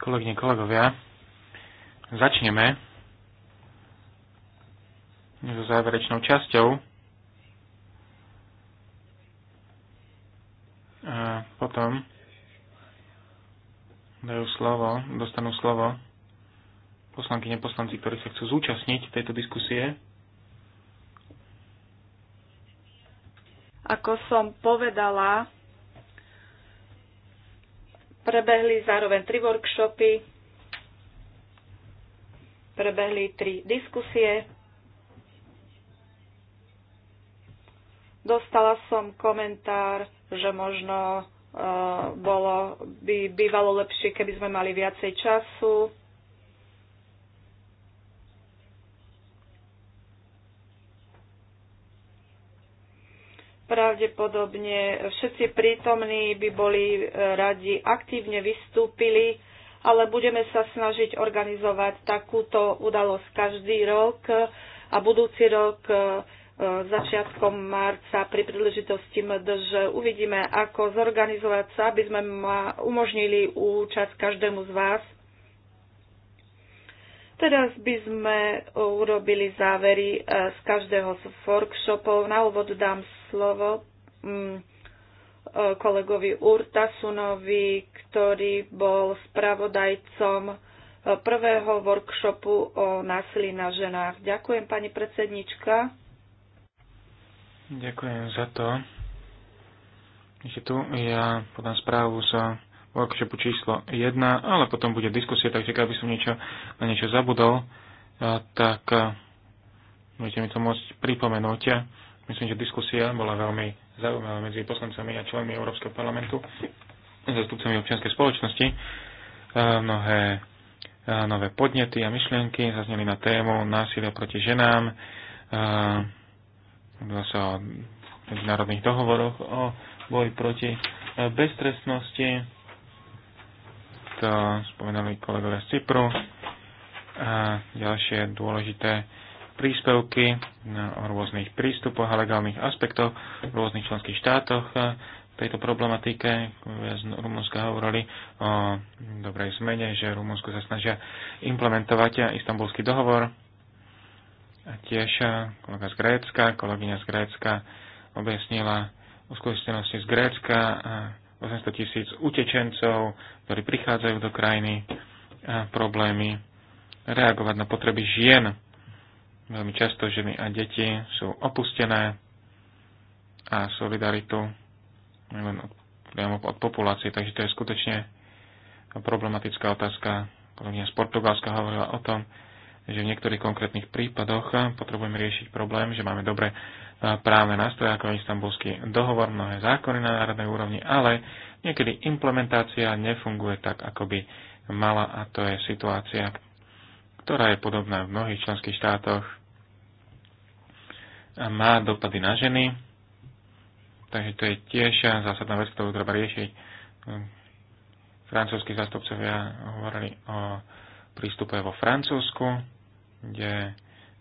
Kolegyne, kolegovia, začneme so záverečnou časťou. A potom dajú slovo, dostanú slovo poslanky, poslanci, ktorí sa chcú zúčastniť tejto diskusie. Ako som povedala, Prebehli zároveň tri workshopy, prebehli tri diskusie. Dostala som komentár, že možno eh, bolo, by bývalo lepšie, keby sme mali viacej času. Pravdepodobne všetci prítomní by boli e, radi aktívne vystúpili, ale budeme sa snažiť organizovať takúto udalosť každý rok a budúci rok e, e, začiatkom marca pri príležitosti MDŽ uvidíme, ako zorganizovať sa, aby sme umožnili účasť každému z vás. Teraz by sme urobili závery z každého z workshopov. Na úvod dám slovo mm, e, kolegovi Urtasunovi, ktorý bol spravodajcom e, prvého workshopu o násilí na ženách. Ďakujem, pani predsednička. Ďakujem za to, že tu ja podám správu za workshopu číslo 1, ale potom bude diskusia, takže keby som niečo, na niečo zabudol, e, tak budete mi to môcť pripomenúť. Myslím, že diskusia bola veľmi zaujímavá medzi poslancami a členmi Európskeho parlamentu, zastupcami občianskej spoločnosti. Mnohé nové podnety a myšlienky zazneli na tému násilia proti ženám, zase sa o medzinárodných dohovoroch, o boji proti beztrestnosti, to spomenali kolegovia z Cypru, a ďalšie dôležité príspevky o rôznych prístupoch a legálnych aspektoch v rôznych členských štátoch v eh, tejto problematike. Z Rumunska hovorili o dobrej zmene, že Rumunsko sa snažia implementovať istambulský dohovor. A tiež eh, kolega z Grécka, kolegyňa z Grécka objasnila o skúsenosti z Grécka 800 eh, tisíc utečencov, ktorí prichádzajú do krajiny a problémy reagovať na potreby žien Veľmi často ženy a deti sú opustené a solidaritu len od, priamo od populácie, takže to je skutočne problematická otázka. Kolegyňa z Portugalska hovorila o tom, že v niektorých konkrétnych prípadoch potrebujeme riešiť problém, že máme dobré e, právne nástroje ako istambulský dohovor, mnohé zákony na národnej úrovni, ale niekedy implementácia nefunguje tak, ako by mala a to je situácia, ktorá je podobná v mnohých členských štátoch má dopady na ženy, takže to je tiež zásadná vec, ktorú treba riešiť. Hm. Francúzskí zastupcovia hovorili o prístupe vo Francúzsku, kde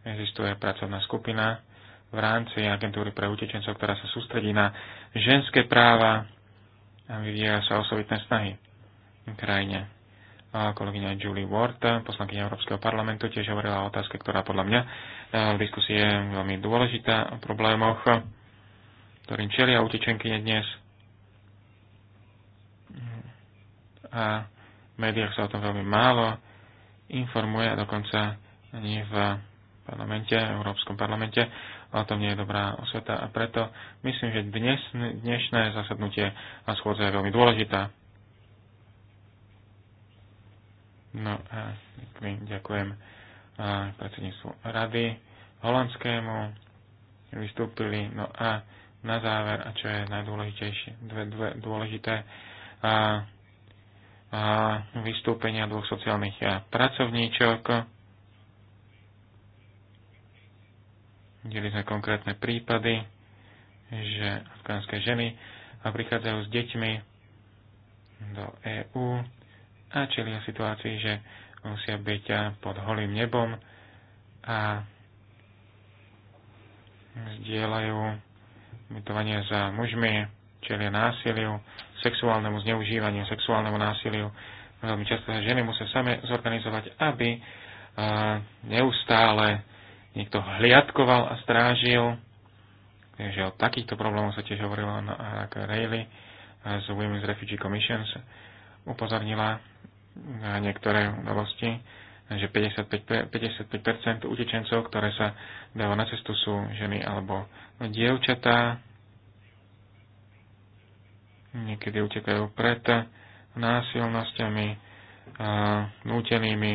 existuje pracovná skupina v rámci agentúry pre utečencov, ktorá sa sústredí na ženské práva a vyvíja sa osobitné snahy v krajine a kolegyňa Julie Ward, poslankyňa Európskeho parlamentu, tiež hovorila o otázke, ktorá podľa mňa e, v diskusii je veľmi dôležitá, o problémoch, ktorým čelia utečenky dnes. A v médiách sa o tom veľmi málo informuje a dokonca ani v parlamente, Európskom parlamente o tom nie je dobrá osveta a preto myslím, že dnes, dnešné zasadnutie a schôdza je veľmi dôležitá. No a ďakujem predsedníctvu rady holandskému, vystúpili. No a na záver, a čo je najdôležitejšie, dve, dve dôležité a, a vystúpenia dvoch sociálnych pracovníčok. Videli sme konkrétne prípady, že afgánske ženy prichádzajú s deťmi do EÚ a čelia situácii, že musia byť eh, pod holým nebom a zdieľajú bytovanie za mužmi, čelia násiliu, sexuálnemu zneužívaniu, sexuálnemu násiliu. Veľmi často sa ženy musia same zorganizovať, aby eh, neustále niekto hliadkoval a strážil. Takže o takýchto problémoch sa tiež hovorilo na Rayleigh eh, z Women's Refugee Commissions upozornila na niektoré udalosti, že 55, 55% utečencov, ktoré sa dajú na cestu, sú ženy alebo dievčatá. Niekedy utekajú pred násilnosťami, nútenými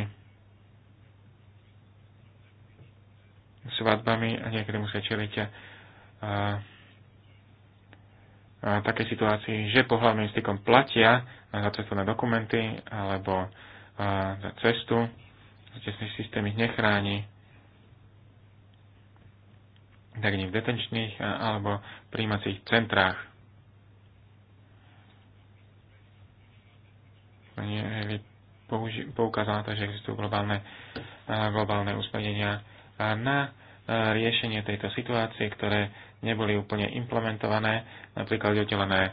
svadbami a niekedy musia čeliť takej situácii, že pohľadným stykom platia za cestovné dokumenty alebo za cestu. Tečný systém ich nechráni tak nie v detenčných alebo príjímacích centrách. Pani poukázala to, že existujú globálne, globálne usmernenia na E, riešenie tejto situácie, ktoré neboli úplne implementované, napríklad oddelené e,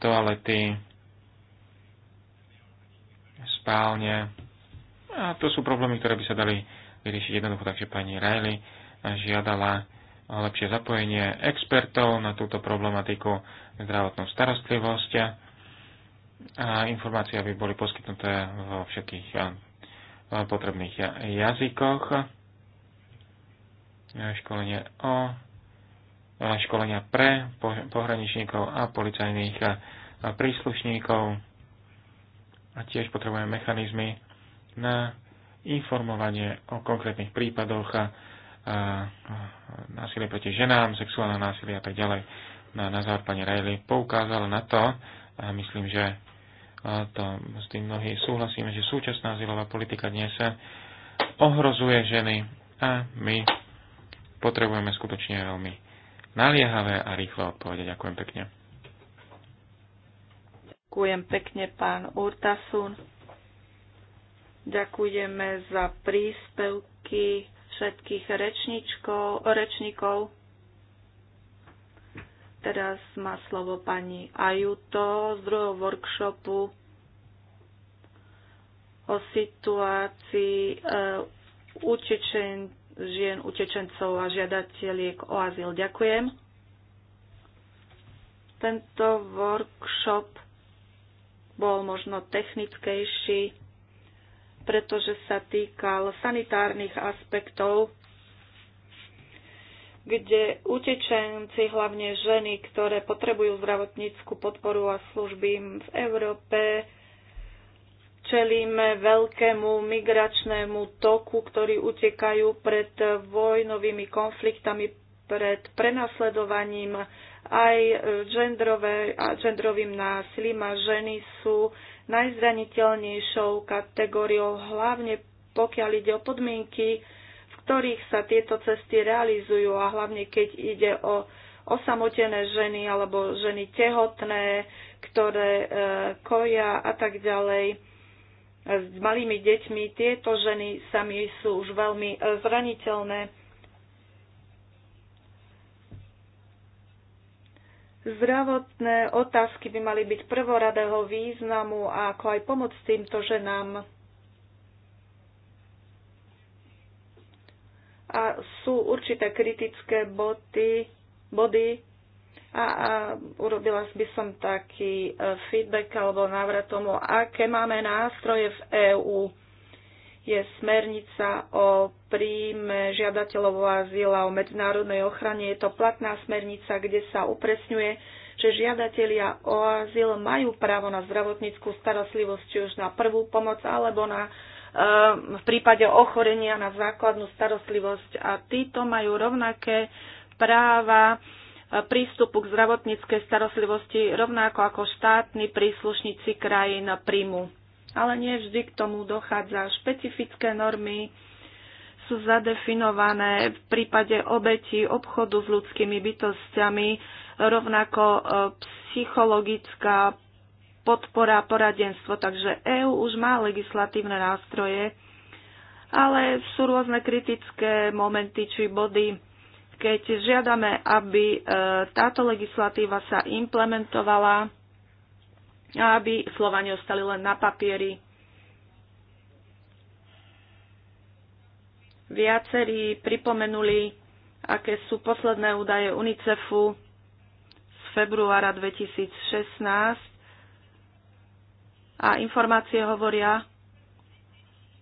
toalety, spálne. A to sú problémy, ktoré by sa dali vyriešiť jednoducho, takže pani Riley žiadala lepšie zapojenie expertov na túto problematiku zdravotnú starostlivosť a informácie, aby boli poskytnuté vo všetkých e, potrebných jazykoch školenia o e, školenia pre pohraničníkov a policajných e, príslušníkov a tiež potrebujeme mechanizmy na informovanie o konkrétnych prípadoch a, e, a násilie proti ženám, sexuálne násilie a tak ďalej. Na, no na záver pani Rejli poukázala na to, a myslím, že to s tým mnohí súhlasíme, že súčasná zilová politika dnes ohrozuje ženy a my potrebujeme skutočne veľmi naliehavé a rýchle odpovede. Ďakujem pekne. Ďakujem pekne, pán Urtasun. Ďakujeme za príspevky všetkých rečníkov. Teraz má slovo pani Ajuto z druhého workshopu o situácii e, utečen, žien, utečencov a žiadateľiek o azyl. Ďakujem. Tento workshop bol možno technickejší, pretože sa týkal sanitárnych aspektov, kde utečenci, hlavne ženy, ktoré potrebujú zdravotníckú podporu a služby v Európe, čelíme veľkému migračnému toku, ktorí utekajú pred vojnovými konfliktami, pred prenasledovaním aj genderové, a genderovým násilím a ženy sú najzraniteľnejšou kategóriou, hlavne pokiaľ ide o podmienky, v ktorých sa tieto cesty realizujú a hlavne keď ide o osamotené ženy alebo ženy tehotné, ktoré e, koja a tak ďalej s malými deťmi, tieto ženy sami sú už veľmi e, zraniteľné. Zdravotné otázky by mali byť prvoradého významu a ako aj pomoc týmto ženám. A sú určité kritické body, body a, a urobila by som taký e, feedback alebo návrat tomu, aké máme nástroje v EÚ. Je smernica o príjme žiadateľov o azyl a o medzinárodnej ochrane. Je to platná smernica, kde sa upresňuje, že žiadatelia o azyl majú právo na zdravotníckú starostlivosť, či už na prvú pomoc alebo na e, v prípade ochorenia na základnú starostlivosť a títo majú rovnaké práva prístupu k zdravotníckej starostlivosti rovnako ako štátni príslušníci krajín príjmu. Ale nie vždy k tomu dochádza. Špecifické normy sú zadefinované v prípade obetí obchodu s ľudskými bytostiami, rovnako e, psychologická podpora a poradenstvo. Takže EÚ už má legislatívne nástroje, ale sú rôzne kritické momenty či body keď žiadame, aby e, táto legislatíva sa implementovala a aby slova neostali len na papieri. Viacerí pripomenuli, aké sú posledné údaje UNICEFu z februára 2016 a informácie hovoria,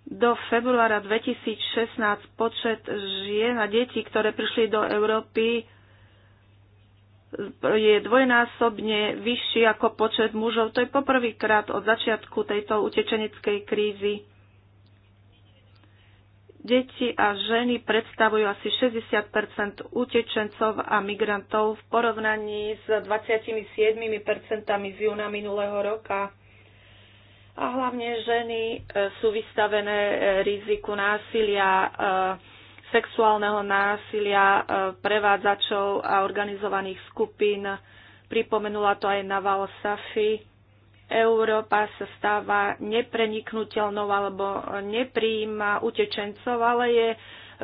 do februára 2016 počet žien a detí, ktoré prišli do Európy, je dvojnásobne vyšší ako počet mužov. To je poprvýkrát od začiatku tejto utečeneckej krízy. Deti a ženy predstavujú asi 60 utečencov a migrantov v porovnaní s 27 z júna minulého roka a hlavne ženy e, sú vystavené e, riziku násilia, e, sexuálneho násilia, prevádzačov a organizovaných skupín. Pripomenula to aj Naval Safi. Európa sa stáva nepreniknutelnou alebo nepríjima utečencov, ale je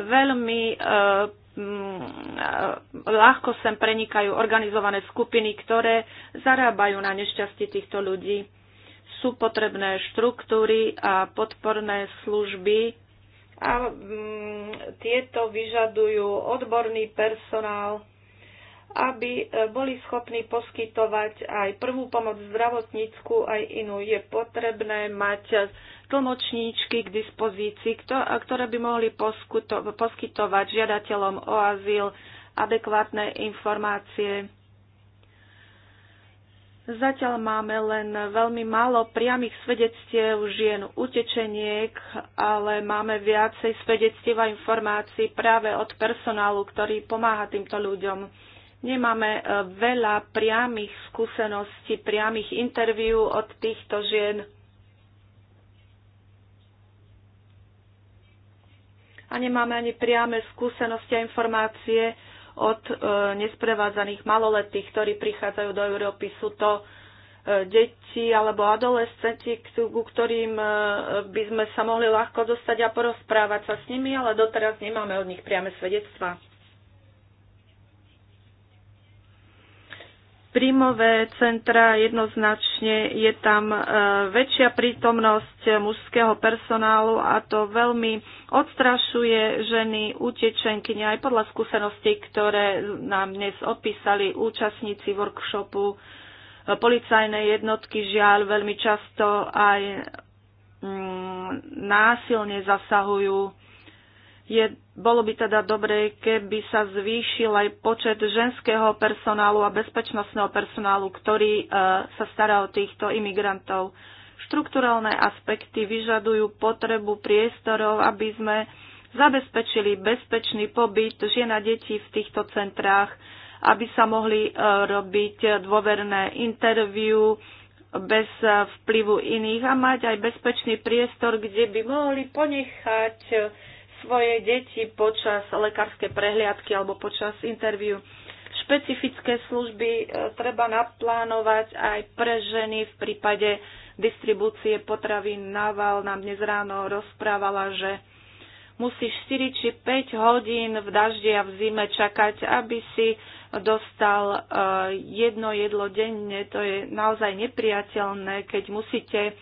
veľmi e, m, mm, ľahko sem prenikajú organizované skupiny, ktoré zarábajú na nešťastie týchto ľudí sú potrebné štruktúry a podporné služby a mm, tieto vyžadujú odborný personál, aby e, boli schopní poskytovať aj prvú pomoc zdravotnícku, aj inú. Je potrebné mať tlmočníčky k dispozícii, ktoré by mohli poskytovať žiadateľom o azyl adekvátne informácie Zatiaľ máme len veľmi málo priamých svedectiev žien utečeniek, ale máme viacej svedectiev a informácií práve od personálu, ktorý pomáha týmto ľuďom. Nemáme e, veľa priamých skúseností, priamých interviú od týchto žien. A nemáme ani priame skúsenosti a informácie, od e, nesprevádzaných maloletých, ktorí prichádzajú do Európy. Sú to e, deti alebo adolescenti, ku ktorým e, by sme sa mohli ľahko dostať a porozprávať sa s nimi, ale doteraz nemáme od nich priame svedectva. príjmové centra jednoznačne je tam e, väčšia prítomnosť mužského personálu a to veľmi odstrašuje ženy, utečenky, aj podľa skúseností, ktoré nám dnes opísali účastníci workshopu. E, policajné jednotky žiaľ veľmi často aj mm, násilne zasahujú je, bolo by teda dobre, keby sa zvýšil aj počet ženského personálu a bezpečnostného personálu, ktorý e, sa stará o týchto imigrantov. Štrukturálne aspekty vyžadujú potrebu priestorov, aby sme zabezpečili bezpečný pobyt žien a detí v týchto centrách, aby sa mohli e, robiť dôverné interviu, bez e, vplyvu iných a mať aj bezpečný priestor, kde by mohli ponechať svoje deti počas lekárskej prehliadky alebo počas interviu. Špecifické služby e, treba naplánovať aj pre ženy v prípade distribúcie potravín. Naval nám dnes ráno rozprávala, že musí 4 či 5 hodín v daždi a v zime čakať, aby si dostal e, jedno jedlo denne. To je naozaj nepriateľné, keď musíte e,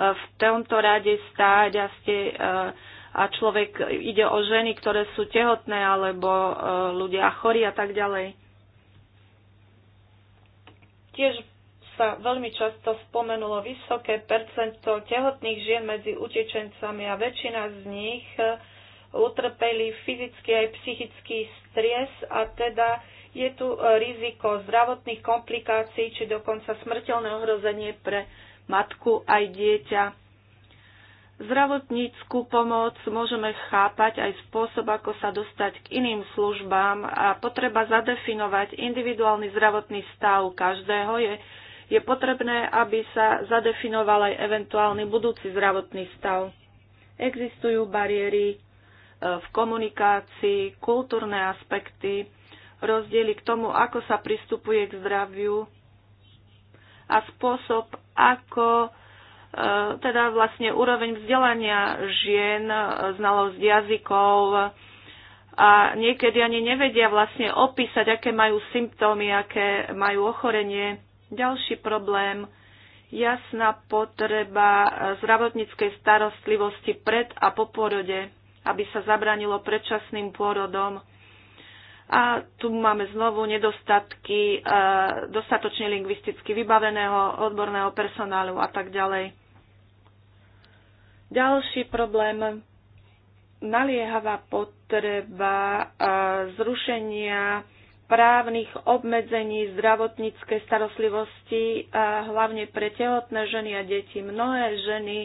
v tomto rade stáť a ste a človek ide o ženy, ktoré sú tehotné alebo e, ľudia chorí a tak ďalej. Tiež sa veľmi často spomenulo vysoké percento tehotných žien medzi utečencami a väčšina z nich e, utrpeli fyzický aj psychický stres a teda je tu e, riziko zdravotných komplikácií či dokonca smrteľné ohrozenie pre matku aj dieťa. Zdravotníckú pomoc môžeme chápať aj spôsob, ako sa dostať k iným službám a potreba zadefinovať individuálny zdravotný stav každého je, je potrebné, aby sa zadefinoval aj eventuálny budúci zdravotný stav. Existujú bariéry e, v komunikácii, kultúrne aspekty, rozdiely k tomu, ako sa pristupuje k zdraviu a spôsob, ako E, teda vlastne úroveň vzdelania žien, e, znalosť jazykov e, a niekedy ani nevedia vlastne opísať, aké majú symptómy, aké majú ochorenie. Ďalší problém, jasná potreba zdravotníckej starostlivosti pred a po porode, aby sa zabranilo predčasným pôrodom. A tu máme znovu nedostatky e, dostatočne lingvisticky vybaveného odborného personálu a tak ďalej. Ďalší problém, naliehavá potreba zrušenia právnych obmedzení zdravotníckej starostlivosti, a hlavne pre tehotné ženy a deti. Mnohé ženy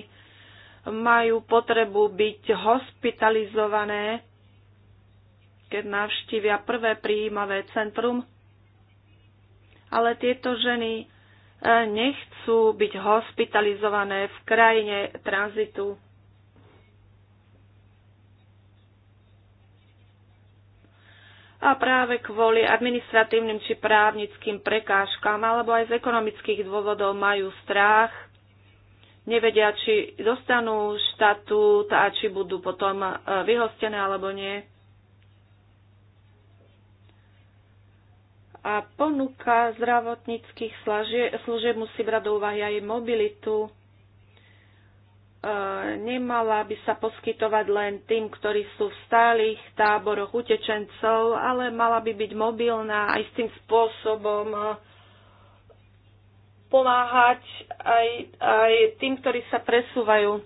majú potrebu byť hospitalizované, keď navštívia prvé príjímavé centrum, ale tieto ženy E, nechcú byť hospitalizované v krajine tranzitu. A práve kvôli administratívnym či právnickým prekážkam alebo aj z ekonomických dôvodov majú strach, nevedia, či dostanú štatút a či budú potom e, vyhostené alebo nie. A ponuka zdravotníckých služieb musí brať do úvahy aj mobilitu. E, nemala by sa poskytovať len tým, ktorí sú v stálych táboroch utečencov, ale mala by byť mobilná aj s tým spôsobom, e, pomáhať aj, aj tým, ktorí sa presúvajú.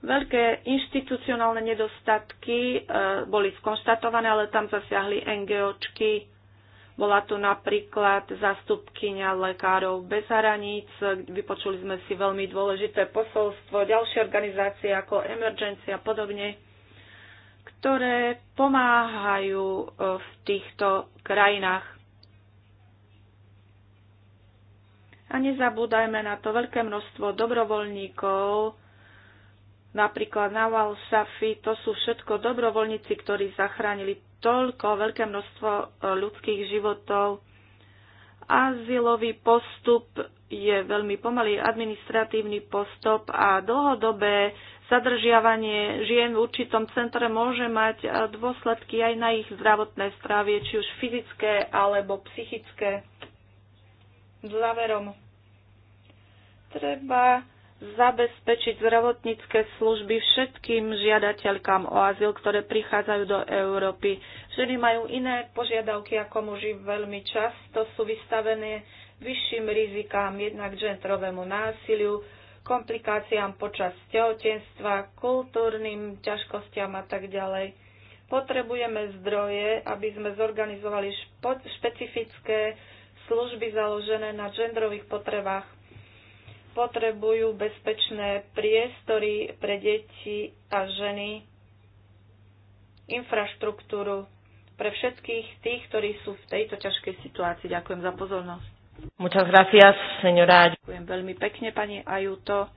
Veľké inštitucionálne nedostatky e, boli skonštatované, ale tam zasiahli NGOčky. Bola tu napríklad zastupkynia lekárov bez hraníc. Vypočuli sme si veľmi dôležité posolstvo. Ďalšie organizácie ako Emergency a podobne, ktoré pomáhajú e, v týchto krajinách. A nezabúdajme na to veľké množstvo dobrovoľníkov, napríklad na Safi, to sú všetko dobrovoľníci, ktorí zachránili toľko veľké množstvo e, ľudských životov. Azylový postup je veľmi pomalý administratívny postup a dlhodobé zadržiavanie žien v určitom centre môže mať e, dôsledky aj na ich zdravotné zdravie, či už fyzické alebo psychické. Záverom. Treba zabezpečiť zdravotnícke služby všetkým žiadateľkám o azyl, ktoré prichádzajú do Európy. Ženy majú iné požiadavky ako muži veľmi často sú vystavené vyšším rizikám jednak gentrovému násiliu, komplikáciám počas tehotenstva, kultúrnym ťažkostiam a tak ďalej. Potrebujeme zdroje, aby sme zorganizovali špecifické služby založené na genderových potrebách potrebujú bezpečné priestory pre deti a ženy, infraštruktúru pre všetkých tých, ktorí sú v tejto ťažkej situácii. Ďakujem za pozornosť. Muchas gracias, señora. Ďakujem veľmi pekne, pani Ajuto.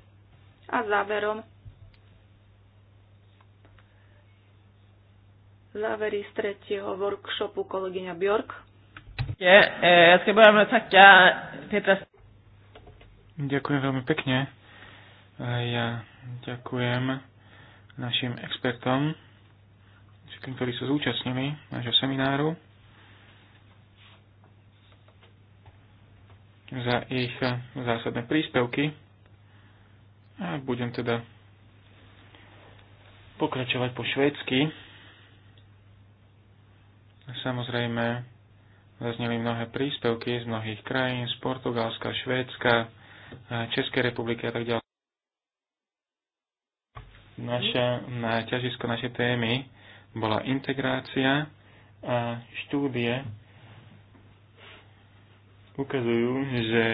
A záverom závery z tretieho workshopu kolegyňa Bjork. Ja, eh, jag ska Ďakujem veľmi pekne. Ja ďakujem našim expertom, ktorí sa zúčastnili nášho semináru, za ich zásadné príspevky. A budem teda pokračovať po švédsky. Samozrejme, zazneli mnohé príspevky z mnohých krajín, z Portugalska, Švédska, Českej republiky a tak ďalej. Naša, na ťažisko našej témy bola integrácia a štúdie ukazujú, že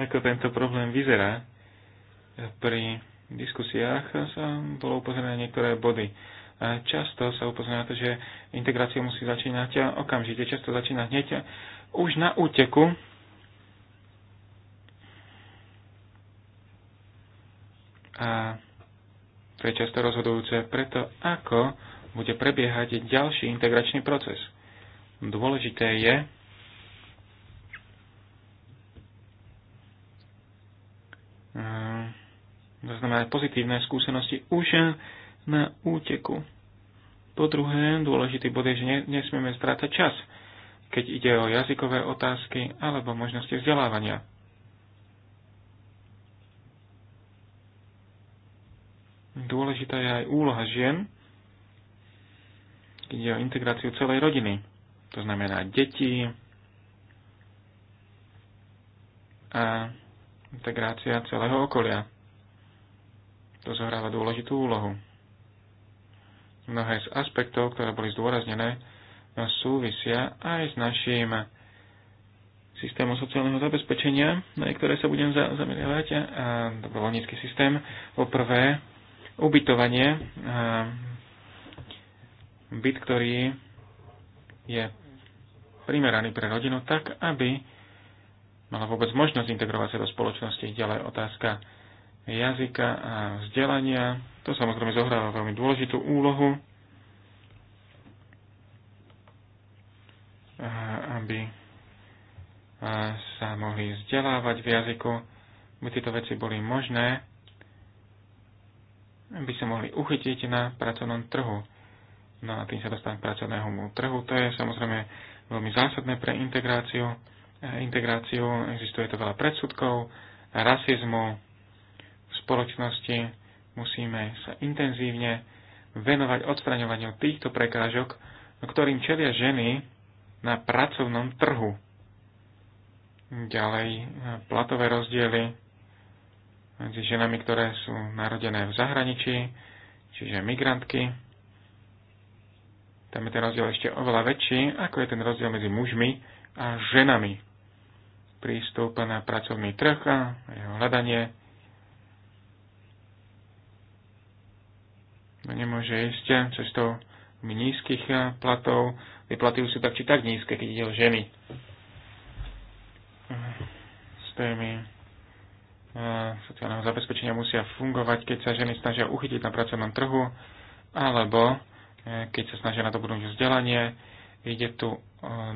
ako tento problém vyzerá. Pri diskusiách sa bolo upozorené niektoré body. Často sa upozorňuje na to, že integrácia musí začínať okamžite, často začína hneď už na úteku a to je často rozhodujúce preto, ako bude prebiehať ďalší integračný proces. Dôležité je, to ehm, znamená pozitívne skúsenosti už na úteku. Po druhé, dôležitý bod je, že nesmieme strácať čas, keď ide o jazykové otázky alebo možnosti vzdelávania Dôležitá je aj úloha žien, ide o integráciu celej rodiny. To znamená deti a integrácia celého okolia. To zohráva dôležitú úlohu. Mnohé z aspektov, ktoré boli zdôraznené, súvisia aj s našim systémom sociálneho zabezpečenia, na ktoré sa budem zameriavať, a dobrovoľnícky systém. Poprvé, ubytovanie, eh, byt, ktorý je primeraný pre rodinu tak, aby mala vôbec možnosť integrovať sa do spoločnosti. Ďalej otázka jazyka a vzdelania. To samozrejme zohráva veľmi dôležitú úlohu, eh, aby eh, sa mohli vzdelávať v jazyku, aby tieto veci boli možné by sa mohli uchytiť na pracovnom trhu. No a tým sa dostane pracovného pracovnému trhu. To je samozrejme veľmi zásadné pre integráciu. Integráciu existuje to veľa predsudkov, rasizmu v spoločnosti. Musíme sa intenzívne venovať odstraňovaniu týchto prekážok, ktorým čelia ženy na pracovnom trhu. Ďalej platové rozdiely, medzi ženami, ktoré sú narodené v zahraničí, čiže migrantky. Tam je ten rozdiel ešte oveľa väčší, ako je ten rozdiel medzi mužmi a ženami. Prístup na pracovný trh a jeho hľadanie no, nemôže ísť cestou nízkych platov. Vyplaty sú tak či tak nízke, keď ide o ženy. S tými E, sociálneho zabezpečenia musia fungovať, keď sa ženy snažia uchytiť na pracovnom trhu, alebo e, keď sa snažia na to budúť vzdelanie. Ide tu, e,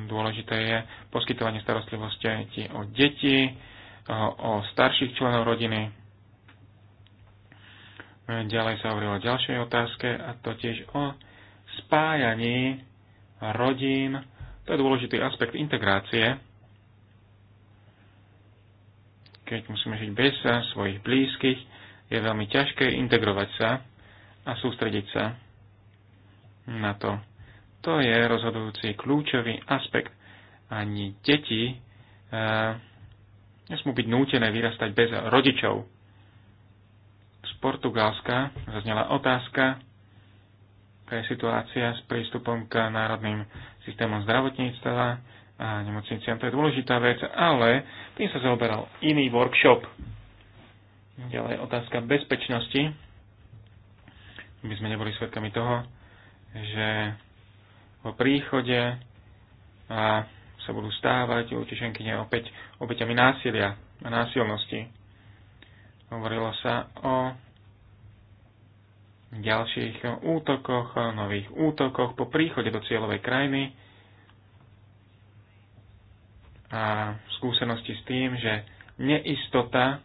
dôležité je poskytovanie starostlivosti o deti, o starších členov rodiny. Ďalej sa hovorilo o ďalšej otázke a totiž o spájaní rodín. To je dôležitý aspekt integrácie keď musíme žiť bez sa svojich blízkych, je veľmi ťažké integrovať sa a sústrediť sa na to. To je rozhodujúci kľúčový aspekt. Ani deti e, nesmú byť nútené vyrastať bez rodičov. Z Portugalska zaznela otázka, aká je situácia s prístupom k národným systémom zdravotníctva, a nemocniciam. To je dôležitá vec, ale tým sa zaoberal iný workshop. Ďalej otázka bezpečnosti. My sme neboli svedkami toho, že po príchode a sa budú stávať utečenkyne opäť obeťami násilia a násilnosti. Hovorilo sa o ďalších útokoch, nových útokoch po príchode do cieľovej krajiny, a skúsenosti s tým, že neistota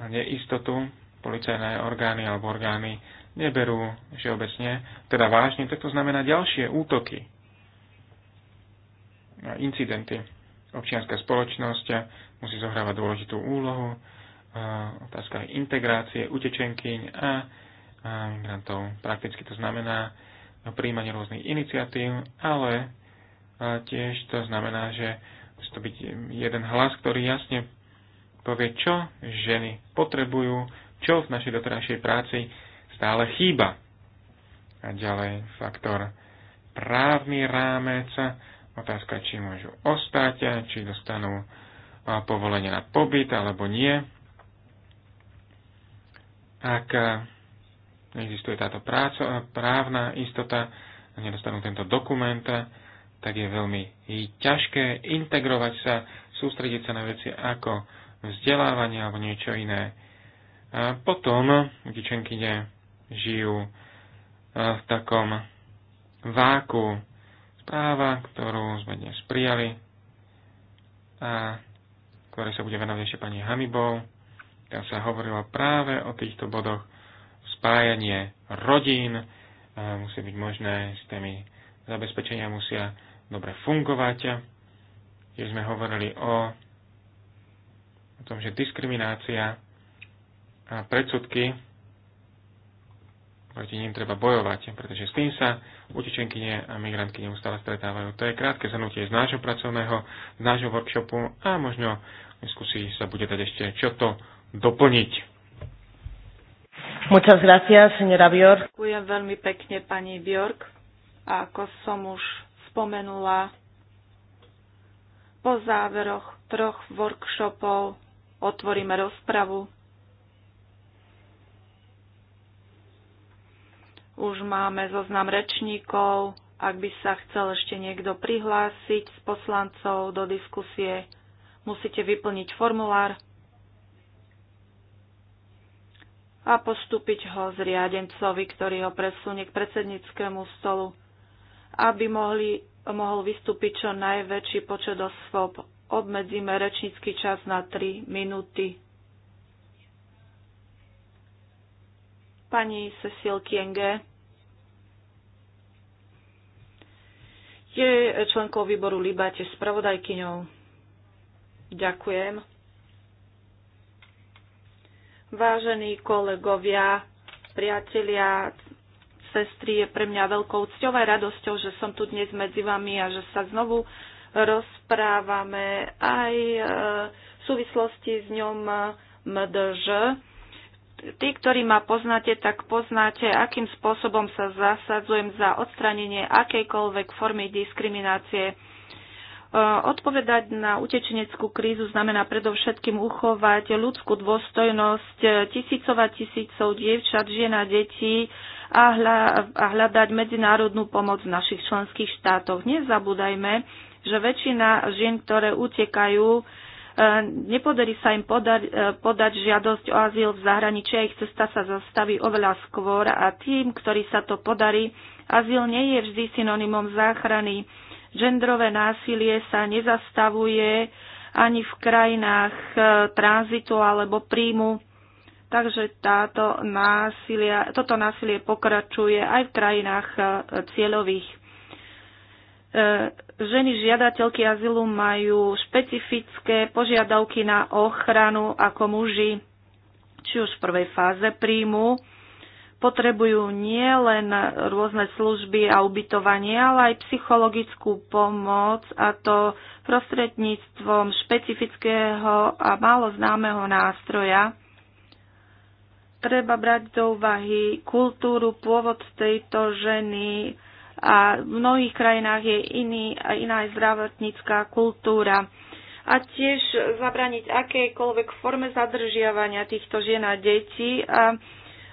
a neistotu policajné orgány alebo orgány neberú všeobecne, teda vážne, tak to znamená ďalšie útoky a incidenty. Občianská spoločnosť musí zohrávať dôležitú úlohu, otázka integrácie utečenkyň a migrantov. Prakticky to znamená príjmanie rôznych iniciatív, ale a tiež to znamená, že musí to byť jeden hlas, ktorý jasne povie, čo ženy potrebujú, čo v našej doterajšej práci stále chýba. A ďalej faktor právny rámec, otázka, či môžu ostať, či dostanú povolenie na pobyt alebo nie. Ak existuje táto práca, právna istota, nedostanú tento dokument, tak je veľmi ťažké integrovať sa, sústrediť sa na veci ako vzdelávanie alebo niečo iné. A potom dičenkyne žijú e, v takom váku správa, ktorú sme dnes prijali a ktoré sa bude venovať ešte pani Hamibov. Tam sa hovorilo práve o týchto bodoch spájanie rodín, e, musí byť možné s témy zabezpečenia musia dobre fungovať. Tiež sme hovorili o, o tom, že diskriminácia a predsudky proti ním treba bojovať, pretože s tým sa utečenkyne a migrantky neustále stretávajú. To je krátke zhrnutie z nášho pracovného, z nášho workshopu a možno v diskusii sa bude dať ešte čo to doplniť. Muchas gracias, señora Bjork. Ďakujem veľmi pekne, pani Bjork. A ako som už spomenula, po záveroch troch workshopov otvoríme rozpravu. Už máme zoznam rečníkov. Ak by sa chcel ešte niekto prihlásiť s poslancov do diskusie, musíte vyplniť formulár a postúpiť ho zriadencovi, ktorý ho presunie k predsedníckému stolu aby mohli, mohol vystúpiť čo najväčší počet osôb. Obmedzíme rečnícky čas na 3 minúty. Pani Cecil Kienge je členkou výboru Libate s spravodajkyňou. Ďakujem. Vážení kolegovia, priatelia, sestry, je pre mňa veľkou cťou a radosťou, že som tu dnes medzi vami a že sa znovu rozprávame aj e, v súvislosti s ňom e, MDŽ. Tí, ktorí ma poznáte, tak poznáte, akým spôsobom sa zasadzujem za odstranenie akejkoľvek formy diskriminácie. E, odpovedať na utečeneckú krízu znamená predovšetkým uchovať ľudskú dôstojnosť tisícova tisícov dievčat, žien a detí a hľadať medzinárodnú pomoc v našich členských štátoch. Nezabúdajme, že väčšina žien, ktoré utekajú, e, nepodarí sa im podať, e, podať žiadosť o azyl v zahraničí a ich cesta sa zastaví oveľa skôr a tým, ktorí sa to podarí, azyl nie je vždy synonymom záchrany. Gendrové násilie sa nezastavuje ani v krajinách e, tranzitu alebo príjmu Takže táto násilia, toto násilie pokračuje aj v krajinách e, cieľových. E, ženy žiadateľky azylu majú špecifické požiadavky na ochranu ako muži, či už v prvej fáze príjmu, potrebujú nielen rôzne služby a ubytovanie, ale aj psychologickú pomoc a to prostredníctvom špecifického a málo známeho nástroja, treba brať do úvahy kultúru, pôvod tejto ženy a v mnohých krajinách je iný, iná aj zdravotnícká kultúra. A tiež zabraniť akejkoľvek forme zadržiavania týchto žien a detí a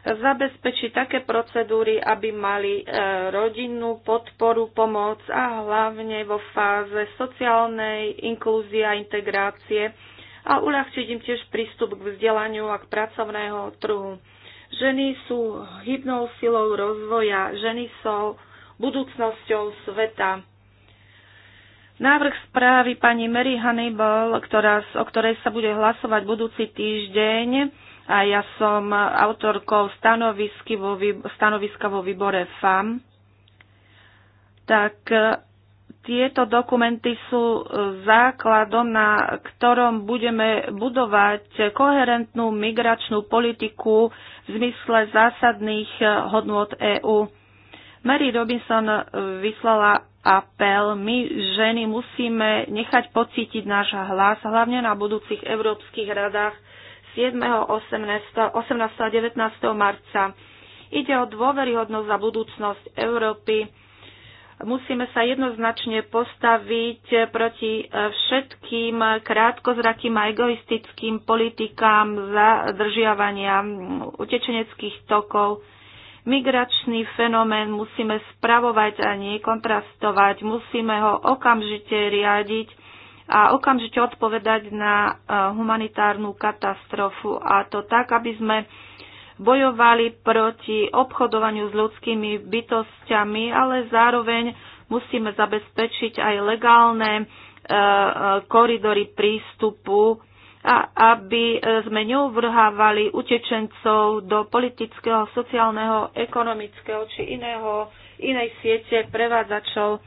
zabezpečiť také procedúry, aby mali e, rodinnú podporu, pomoc a hlavne vo fáze sociálnej inklúzie a integrácie a uľahčiť im tiež prístup k vzdelaniu a k pracovného trhu. Ženy sú hybnou silou rozvoja, ženy sú budúcnosťou sveta. Návrh správy pani Mary Hannibal, ktorá, o ktorej sa bude hlasovať budúci týždeň, a ja som autorkou stanovisky vo, stanoviska vo výbore FAM, tak tieto dokumenty sú e, základom, na ktorom budeme budovať koherentnú migračnú politiku v zmysle zásadných e, hodnôt EÚ. Mary Robinson e, vyslala apel. My, ženy, musíme nechať pocítiť náš hlas, hlavne na budúcich európskych radách 7., 18., 18. a 19. marca. Ide o dôveryhodnosť za budúcnosť Európy, Musíme sa jednoznačne postaviť proti e, všetkým krátkozrakým a egoistickým politikám zadržiavania utečeneckých tokov. Migračný fenomén musíme spravovať a nie kontrastovať. Musíme ho okamžite riadiť a okamžite odpovedať na e, humanitárnu katastrofu. A to tak, aby sme bojovali proti obchodovaniu s ľudskými bytostiami, ale zároveň musíme zabezpečiť aj legálne e, e koridory prístupu a aby e, sme neuvrhávali utečencov do politického, sociálneho, ekonomického či iného, inej siete prevádzačov.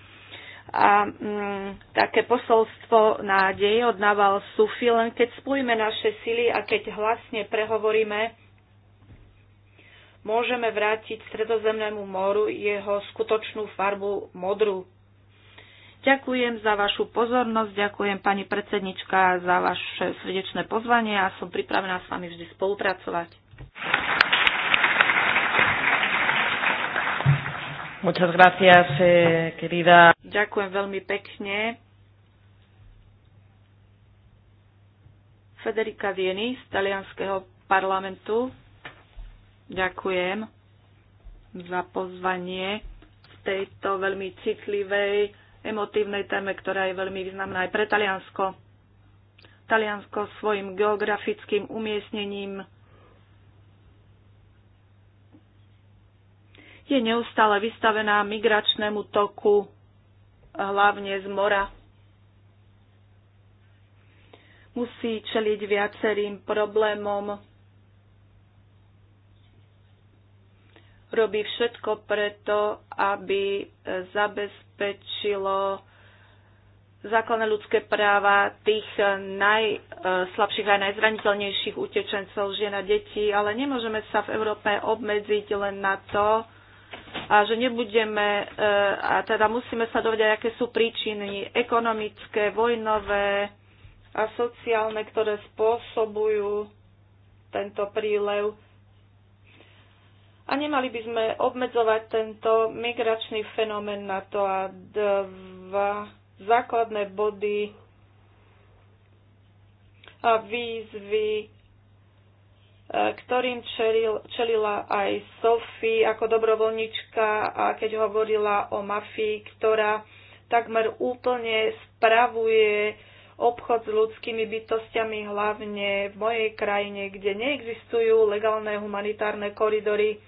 A mm, také posolstvo nádej odnával Sufi, len keď spojíme naše sily a keď hlasne prehovoríme, môžeme vrátiť Stredozemnému moru jeho skutočnú farbu modru. Ďakujem za vašu pozornosť, ďakujem pani predsednička za vaše srdečné pozvanie a som pripravená s vami vždy spolupracovať. Muchas gracias, eh, querida. Ďakujem veľmi pekne. Federica Vieni z talianského parlamentu. Ďakujem za pozvanie v tejto veľmi citlivej, emotívnej téme, ktorá je veľmi významná aj pre Taliansko. Taliansko svojim geografickým umiestnením je neustále vystavená migračnému toku, hlavne z mora. Musí čeliť viacerým problémom robí všetko preto, aby zabezpečilo základné ľudské práva tých najslabších a najzraniteľnejších utečencov, žien a detí, ale nemôžeme sa v Európe obmedziť len na to, a že nebudeme, e, a teda musíme sa dovedať, aké sú príčiny ekonomické, vojnové a sociálne, ktoré spôsobujú tento prílev a nemali by sme obmedzovať tento migračný fenomén na to a dva základné body a výzvy, e, ktorým čelil, čelila aj Sophie ako dobrovoľnička a keď hovorila o mafii, ktorá takmer úplne spravuje obchod s ľudskými bytostiami, hlavne v mojej krajine, kde neexistujú legálne humanitárne koridory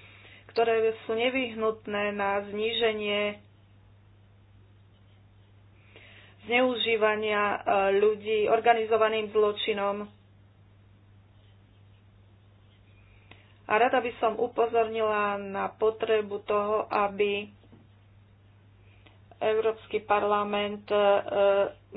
ktoré sú nevyhnutné na zníženie zneužívania e, ľudí organizovaným zločinom. A rada by som upozornila na potrebu toho, aby Európsky parlament e,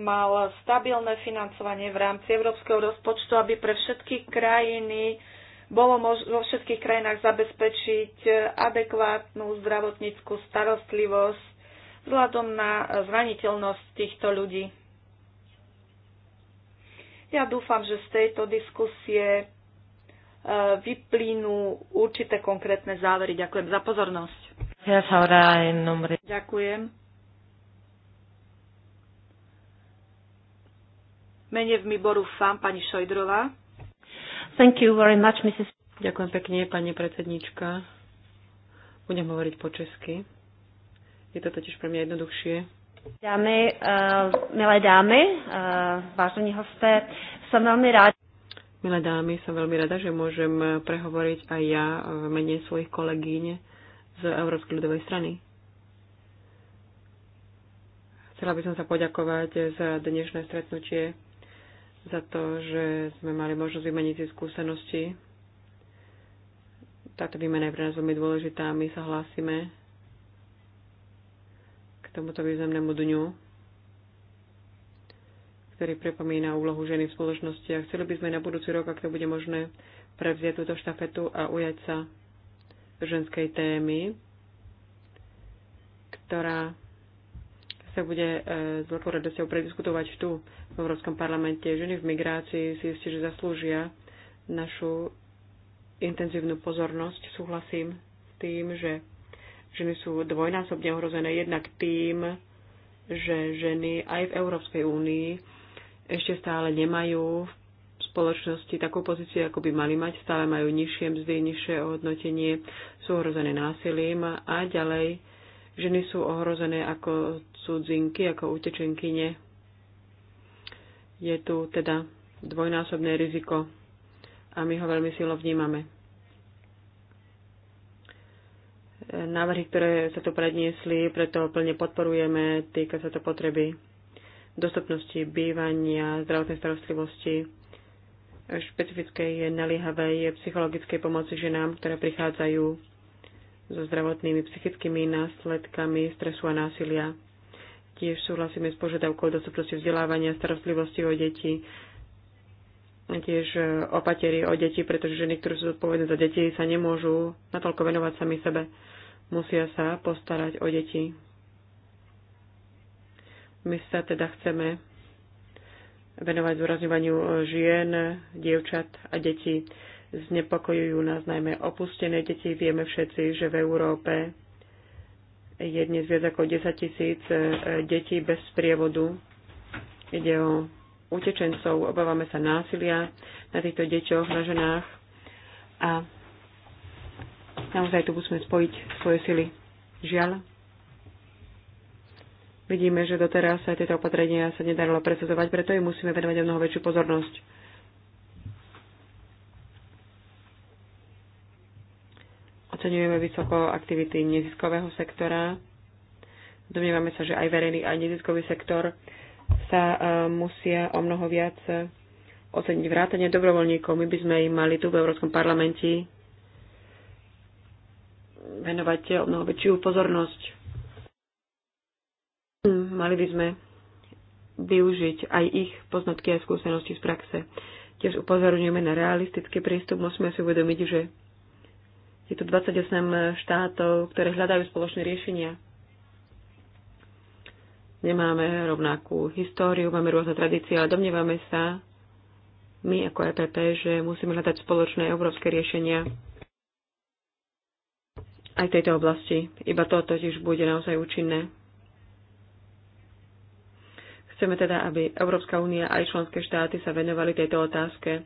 mal stabilné financovanie v rámci európskeho rozpočtu, aby pre všetky krajiny bolo mož- vo všetkých krajinách zabezpečiť e, adekvátnu zdravotníckú starostlivosť vzhľadom na e, zraniteľnosť týchto ľudí. Ja dúfam, že z tejto diskusie e, vyplínu určité konkrétne závery. Ďakujem za pozornosť. Ďakujem. Mene v Miboru FAM pani Šojdrová. Thank you very much, Mrs. Ďakujem pekne, pani predsednička. Budem hovoriť po česky. Je to totiž pre mňa jednoduchšie. Dámy, uh, milé dámy, uh, vážení hosté, som veľmi rád. Milé dámy, som veľmi rada, že môžem prehovoriť aj ja v mene svojich kolegyň z Európskej ľudovej strany. Chcela by som sa poďakovať za dnešné stretnutie za to, že sme mali možnosť vymeniť si skúsenosti. Táto výmena je pre nás veľmi dôležitá a my sa hlásime k tomuto významnému dňu, ktorý pripomína úlohu ženy v spoločnosti a chceli by sme na budúci rok, ak to bude možné, prevziať túto štafetu a ujať sa ženskej témy, ktorá sa bude e, s veľkou radosťou prediskutovať tu v Európskom parlamente. Ženy v migrácii si isté, že zaslúžia našu intenzívnu pozornosť. Súhlasím s tým, že ženy sú dvojnásobne ohrozené jednak tým, že ženy aj v Európskej únii ešte stále nemajú v spoločnosti takú pozíciu, ako by mali mať, stále majú nižšie mzdy, nižšie ohodnotenie, sú ohrozené násilím a ďalej ženy sú ohrozené ako cudzinky, ako utečenkyne. Je tu teda dvojnásobné riziko a my ho veľmi silno vnímame. Návrhy, ktoré sa tu predniesli, preto plne podporujeme, týka sa to potreby dostupnosti bývania, zdravotnej starostlivosti, špecifickej naliehavej psychologickej pomoci ženám, ktoré prichádzajú so zdravotnými psychickými následkami stresu a násilia. Tiež súhlasíme s požiadavkou dostupnosti vzdelávania, starostlivosti o deti, tiež e, opatery o deti, pretože ženy, ktoré sú zodpovedné za deti, sa nemôžu natoľko venovať sami sebe. Musia sa postarať o deti. My sa teda chceme venovať zúrazňovaniu e, žien, dievčat a detí. Znepokojujú nás najmä opustené deti. Vieme všetci, že v Európe je dnes viac ako 10 tisíc e, detí bez sprievodu. Ide o utečencov, obávame sa násilia na týchto deťoch, na ženách a naozaj tu musíme spojiť svoje sily. Žiaľ, vidíme, že doteraz sa tieto opatrenia sa nedarilo presadzovať, preto im musíme venovať o mnoho väčšiu pozornosť. Oceňujeme vysoko aktivity neziskového sektora. Domnievame sa, že aj verejný, aj neziskový sektor sa e, musia o mnoho viac e, oceniť vrátanie dobrovoľníkov. My by sme im mali tu v Európskom parlamente venovať o mnoho väčšiu pozornosť. Mali by sme využiť aj ich poznatky a skúsenosti z praxe. Tiež upozorňujeme na realistický prístup. Musíme si uvedomiť, že je tu 28 štátov, ktoré hľadajú spoločné riešenia. Nemáme rovnakú históriu, máme rôzne tradície, ale domnievame sa, my ako EPP, že musíme hľadať spoločné európske riešenia aj v tejto oblasti. Iba to totiž bude naozaj účinné. Chceme teda, aby Európska únia aj členské štáty sa venovali tejto otázke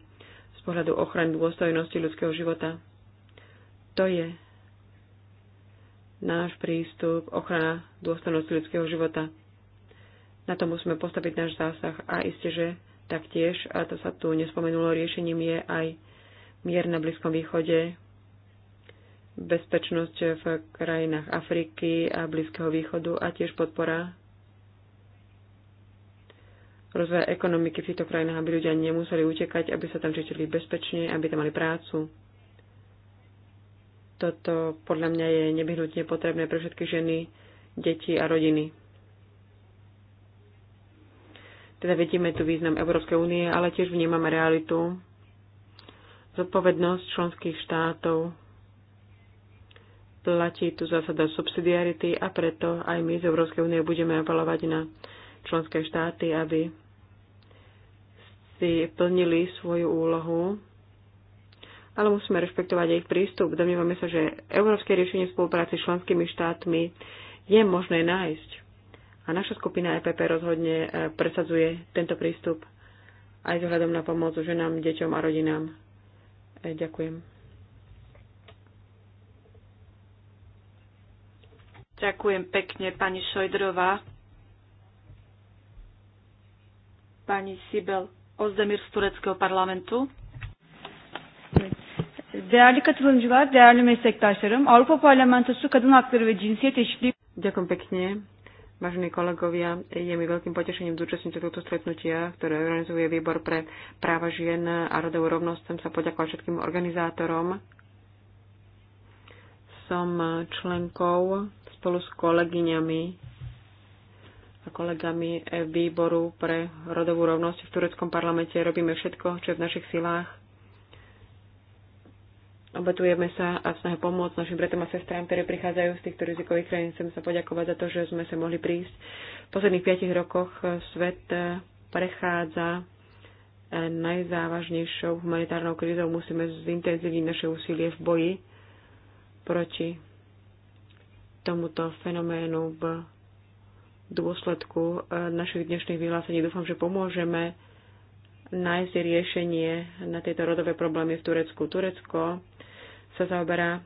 z pohľadu ochrany dôstojnosti ľudského života. To je náš prístup, ochrana dôstojnosti ľudského života. Na to musíme postaviť náš zásah a iste, že taktiež, a to sa tu nespomenulo, riešením je aj mier na Blízkom východe, bezpečnosť v krajinách Afriky a Blízkeho východu a tiež podpora rozvoja ekonomiky v týchto krajinách, aby ľudia nemuseli utekať, aby sa tam cítili bezpečne, aby tam mali prácu. Toto podľa mňa je nevyhnutne potrebné pre všetky ženy, deti a rodiny. Teda vidíme tu význam Európskej únie, ale tiež vnímame realitu, zodpovednosť členských štátov. Platí tu zásada subsidiarity a preto aj my z Európskej únie budeme apelovať na členské štáty, aby si plnili svoju úlohu ale musíme rešpektovať aj ich prístup. Domnievame sa, že európske riešenie spolupráce s členskými štátmi je možné nájsť. A naša skupina EPP rozhodne e, presadzuje tento prístup aj s ohľadom na pomoc ženám, deťom a rodinám. E, ďakujem. Ďakujem pekne, pani Šojdrová. Pani Sibel Ozdemir z Tureckého parlamentu. Değerli katılımcılar, değerli meslektaşlarım, Avrupa Parlamentosu Kadın Hakları ve Cinsiyet Eşitliği... Ďakujem pekne. Vážení kolegovia, je mi veľkým potešením zúčastniť sa tohto stretnutia, ktoré organizuje Výbor pre práva žien a rodovú rovnosť. Chcem sa poďakovať všetkým organizátorom. Som členkou spolu s kolegyňami a kolegami výboru pre rodovú rovnosť v tureckom parlamente. Robíme všetko, čo je v našich silách, Obetujeme sa a v snahe pomôcť našim bratom a sestrám, ktoré prichádzajú z týchto rizikových krajín. Chcem sa poďakovať za to, že sme sa mohli prísť. V posledných piatich rokoch eh, svet eh, prechádza eh, najzávažnejšou humanitárnou krízou. Musíme zintenzívniť naše úsilie v boji proti tomuto fenoménu v dôsledku našich dnešných vyhlásení. Dúfam, že pomôžeme nájsť riešenie na tieto rodové problémy v Turecku. Turecko sa zaoberá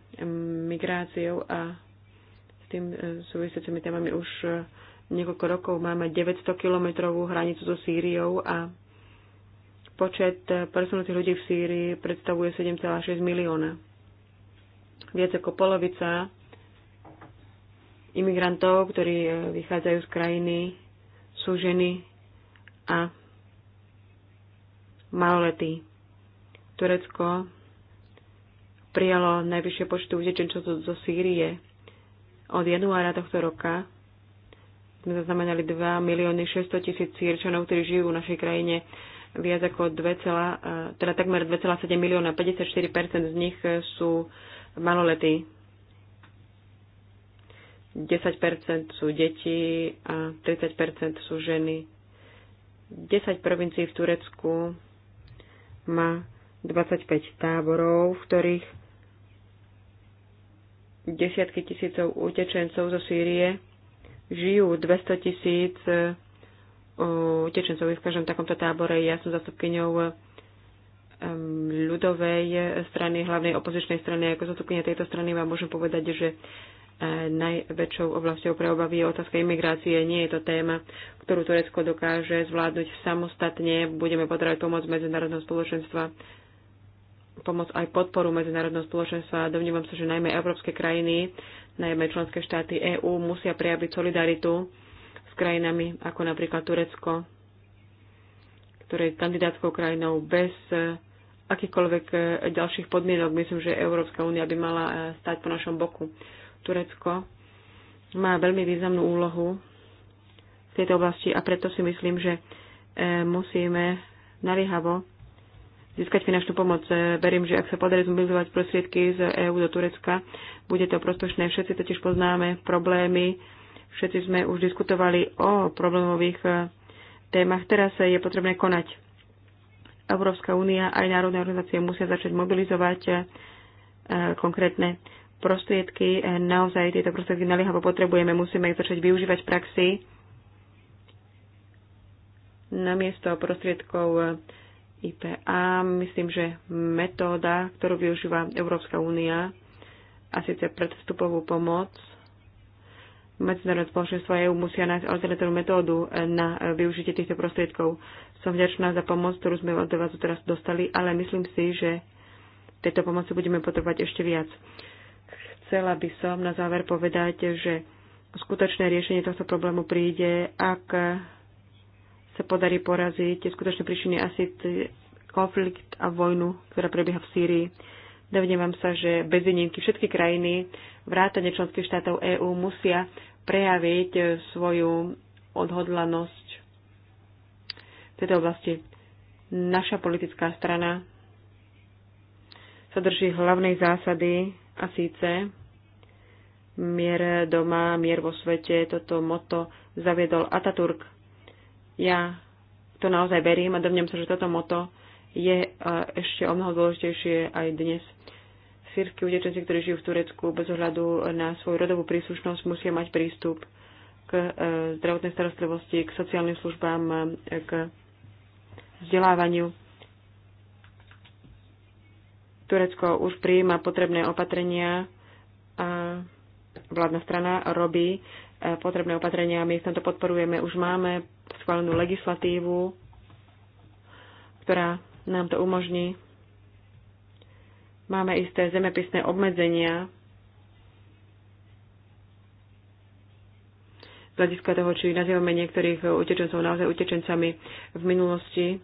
migráciou a s tým e, súvisiacimi témami už e, niekoľko rokov. Máme 900-kilometrovú hranicu so Sýriou a počet e, presunutých ľudí v Sýrii predstavuje 7,6 milióna. Viac ako polovica imigrantov, ktorí vychádzajú z krajiny, sú ženy a maloletí. Turecko prijalo najvyššie počty utečencov zo, zo Sýrie. Od januára tohto roka sme zaznamenali 2 milióny 600 tisíc Sýrčanov, ktorí žijú v našej krajine viac ako 2, e, teda takmer 2,7 milióna, 54% z nich sú maloletí. 10% sú deti a 30% sú ženy. 10 provincií v Turecku má 25 táborov, v ktorých desiatky tisícov utečencov zo Sýrie. Žijú 200 tisíc e, utečencov v každom takomto tábore. Ja som zastupkyňou e, ľudovej strany, hlavnej opozičnej strany. Ako zastupkynia tejto strany vám môžem povedať, že e, najväčšou oblasťou pre obavy je otázka imigrácie. Nie je to téma, ktorú Turecko dokáže zvládnuť samostatne. Budeme potrebovať pomoc medzinárodného spoločenstva pomoc aj podporu medzinárodného spoločenstva. Domnívam sa, že najmä európske krajiny, najmä členské štáty EÚ musia prejaviť solidaritu s krajinami ako napríklad Turecko, ktoré je kandidátskou krajinou bez eh, akýchkoľvek eh, ďalších podmienok. Myslím, že Európska únia by mala eh, stať po našom boku. Turecko má veľmi významnú úlohu v tejto oblasti a preto si myslím, že musíme naliehavo získať finančnú pomoc. E, Verím, že ak sa podarí zmobilizovať prostriedky z EÚ do Turecka, bude to prospešné. Všetci totiž poznáme problémy, všetci sme už diskutovali o problémových e, témach. Teraz je potrebné konať. Európska únia aj národné organizácie musia začať mobilizovať e, konkrétne prostriedky. Naozaj tieto prostriedky naliehavo potrebujeme, musíme ich začať využívať v praxi namiesto prostriedkov IPA. Myslím, že metóda, ktorú využíva Európska únia, a síce predstupovú pomoc, medzinárodné spoločenstva EU musia nájsť alternatívnu metódu na využitie týchto prostriedkov. Som vďačná za pomoc, ktorú sme od vás teraz dostali, ale myslím si, že tejto pomoci budeme potrebovať ešte viac. Chcela by som na záver povedať, že skutočné riešenie tohto problému príde, ak sa podarí poraziť skutočné príčiny asi konflikt a vojnu, ktorá prebieha v Sýrii. Dovnímam sa, že bez výnimky všetky krajiny, vrátane členských štátov EÚ, musia prejaviť e, svoju odhodlanosť v tejto oblasti. Naša politická strana sa drží hlavnej zásady a síce mier doma, mier vo svete. Toto moto zaviedol Ataturk ja to naozaj verím a domnem sa, že toto moto je e, ešte o mnoho dôležitejšie aj dnes. Sýrsky utečenci, ktorí žijú v Turecku bez ohľadu na svoju rodovú príslušnosť, musia mať prístup k e, zdravotnej starostlivosti, k sociálnym službám, e, k vzdelávaniu. Turecko už prijíma potrebné opatrenia a vládna strana robí potrebné opatrenia. My v tomto podporujeme. Už máme schválenú legislatívu, ktorá nám to umožní. Máme isté zemepisné obmedzenia z hľadiska toho, či nazývame niektorých utečencov naozaj utečencami. V minulosti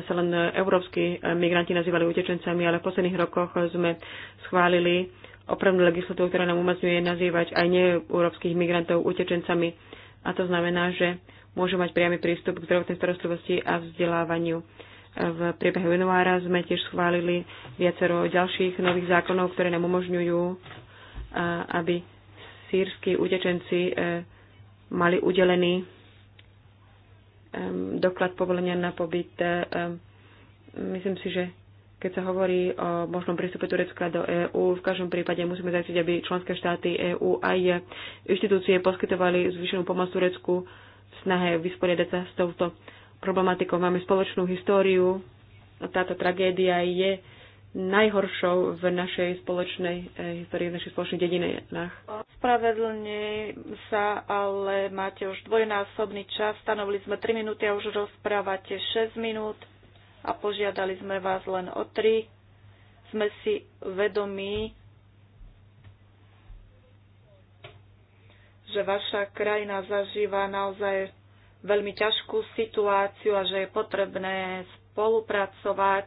sa len európsky migranti nazývali utečencami, ale v posledných rokoch sme schválili opravnú legislatívu, ktorá nám umožňuje nazývať aj neeurópskych migrantov utečencami. A to znamená, že môžu mať priamy prístup k zdravotnej starostlivosti a vzdelávaniu. V priebehu januára sme tiež schválili viacero ďalších nových zákonov, ktoré nám umožňujú, aby sírsky utečenci e, mali udelený e, doklad povolenia na pobyt. E, myslím si, že keď sa hovorí o možnom prístupe Turecka do EÚ, v každom prípade musíme zajistiť, aby členské štáty EÚ aj inštitúcie poskytovali zvýšenú pomoc Turecku v snahe vysporiadať sa s touto problematikou. Máme spoločnú históriu. Táto tragédia je najhoršou v našej spoločnej eh, histórii, v našej spoločných dedinách. Spravedlne sa, ale máte už dvojnásobný čas. Stanovili sme 3 minúty a už rozprávate 6 minút a požiadali sme vás len o tri. Sme si vedomí, že vaša krajina zažíva naozaj veľmi ťažkú situáciu a že je potrebné spolupracovať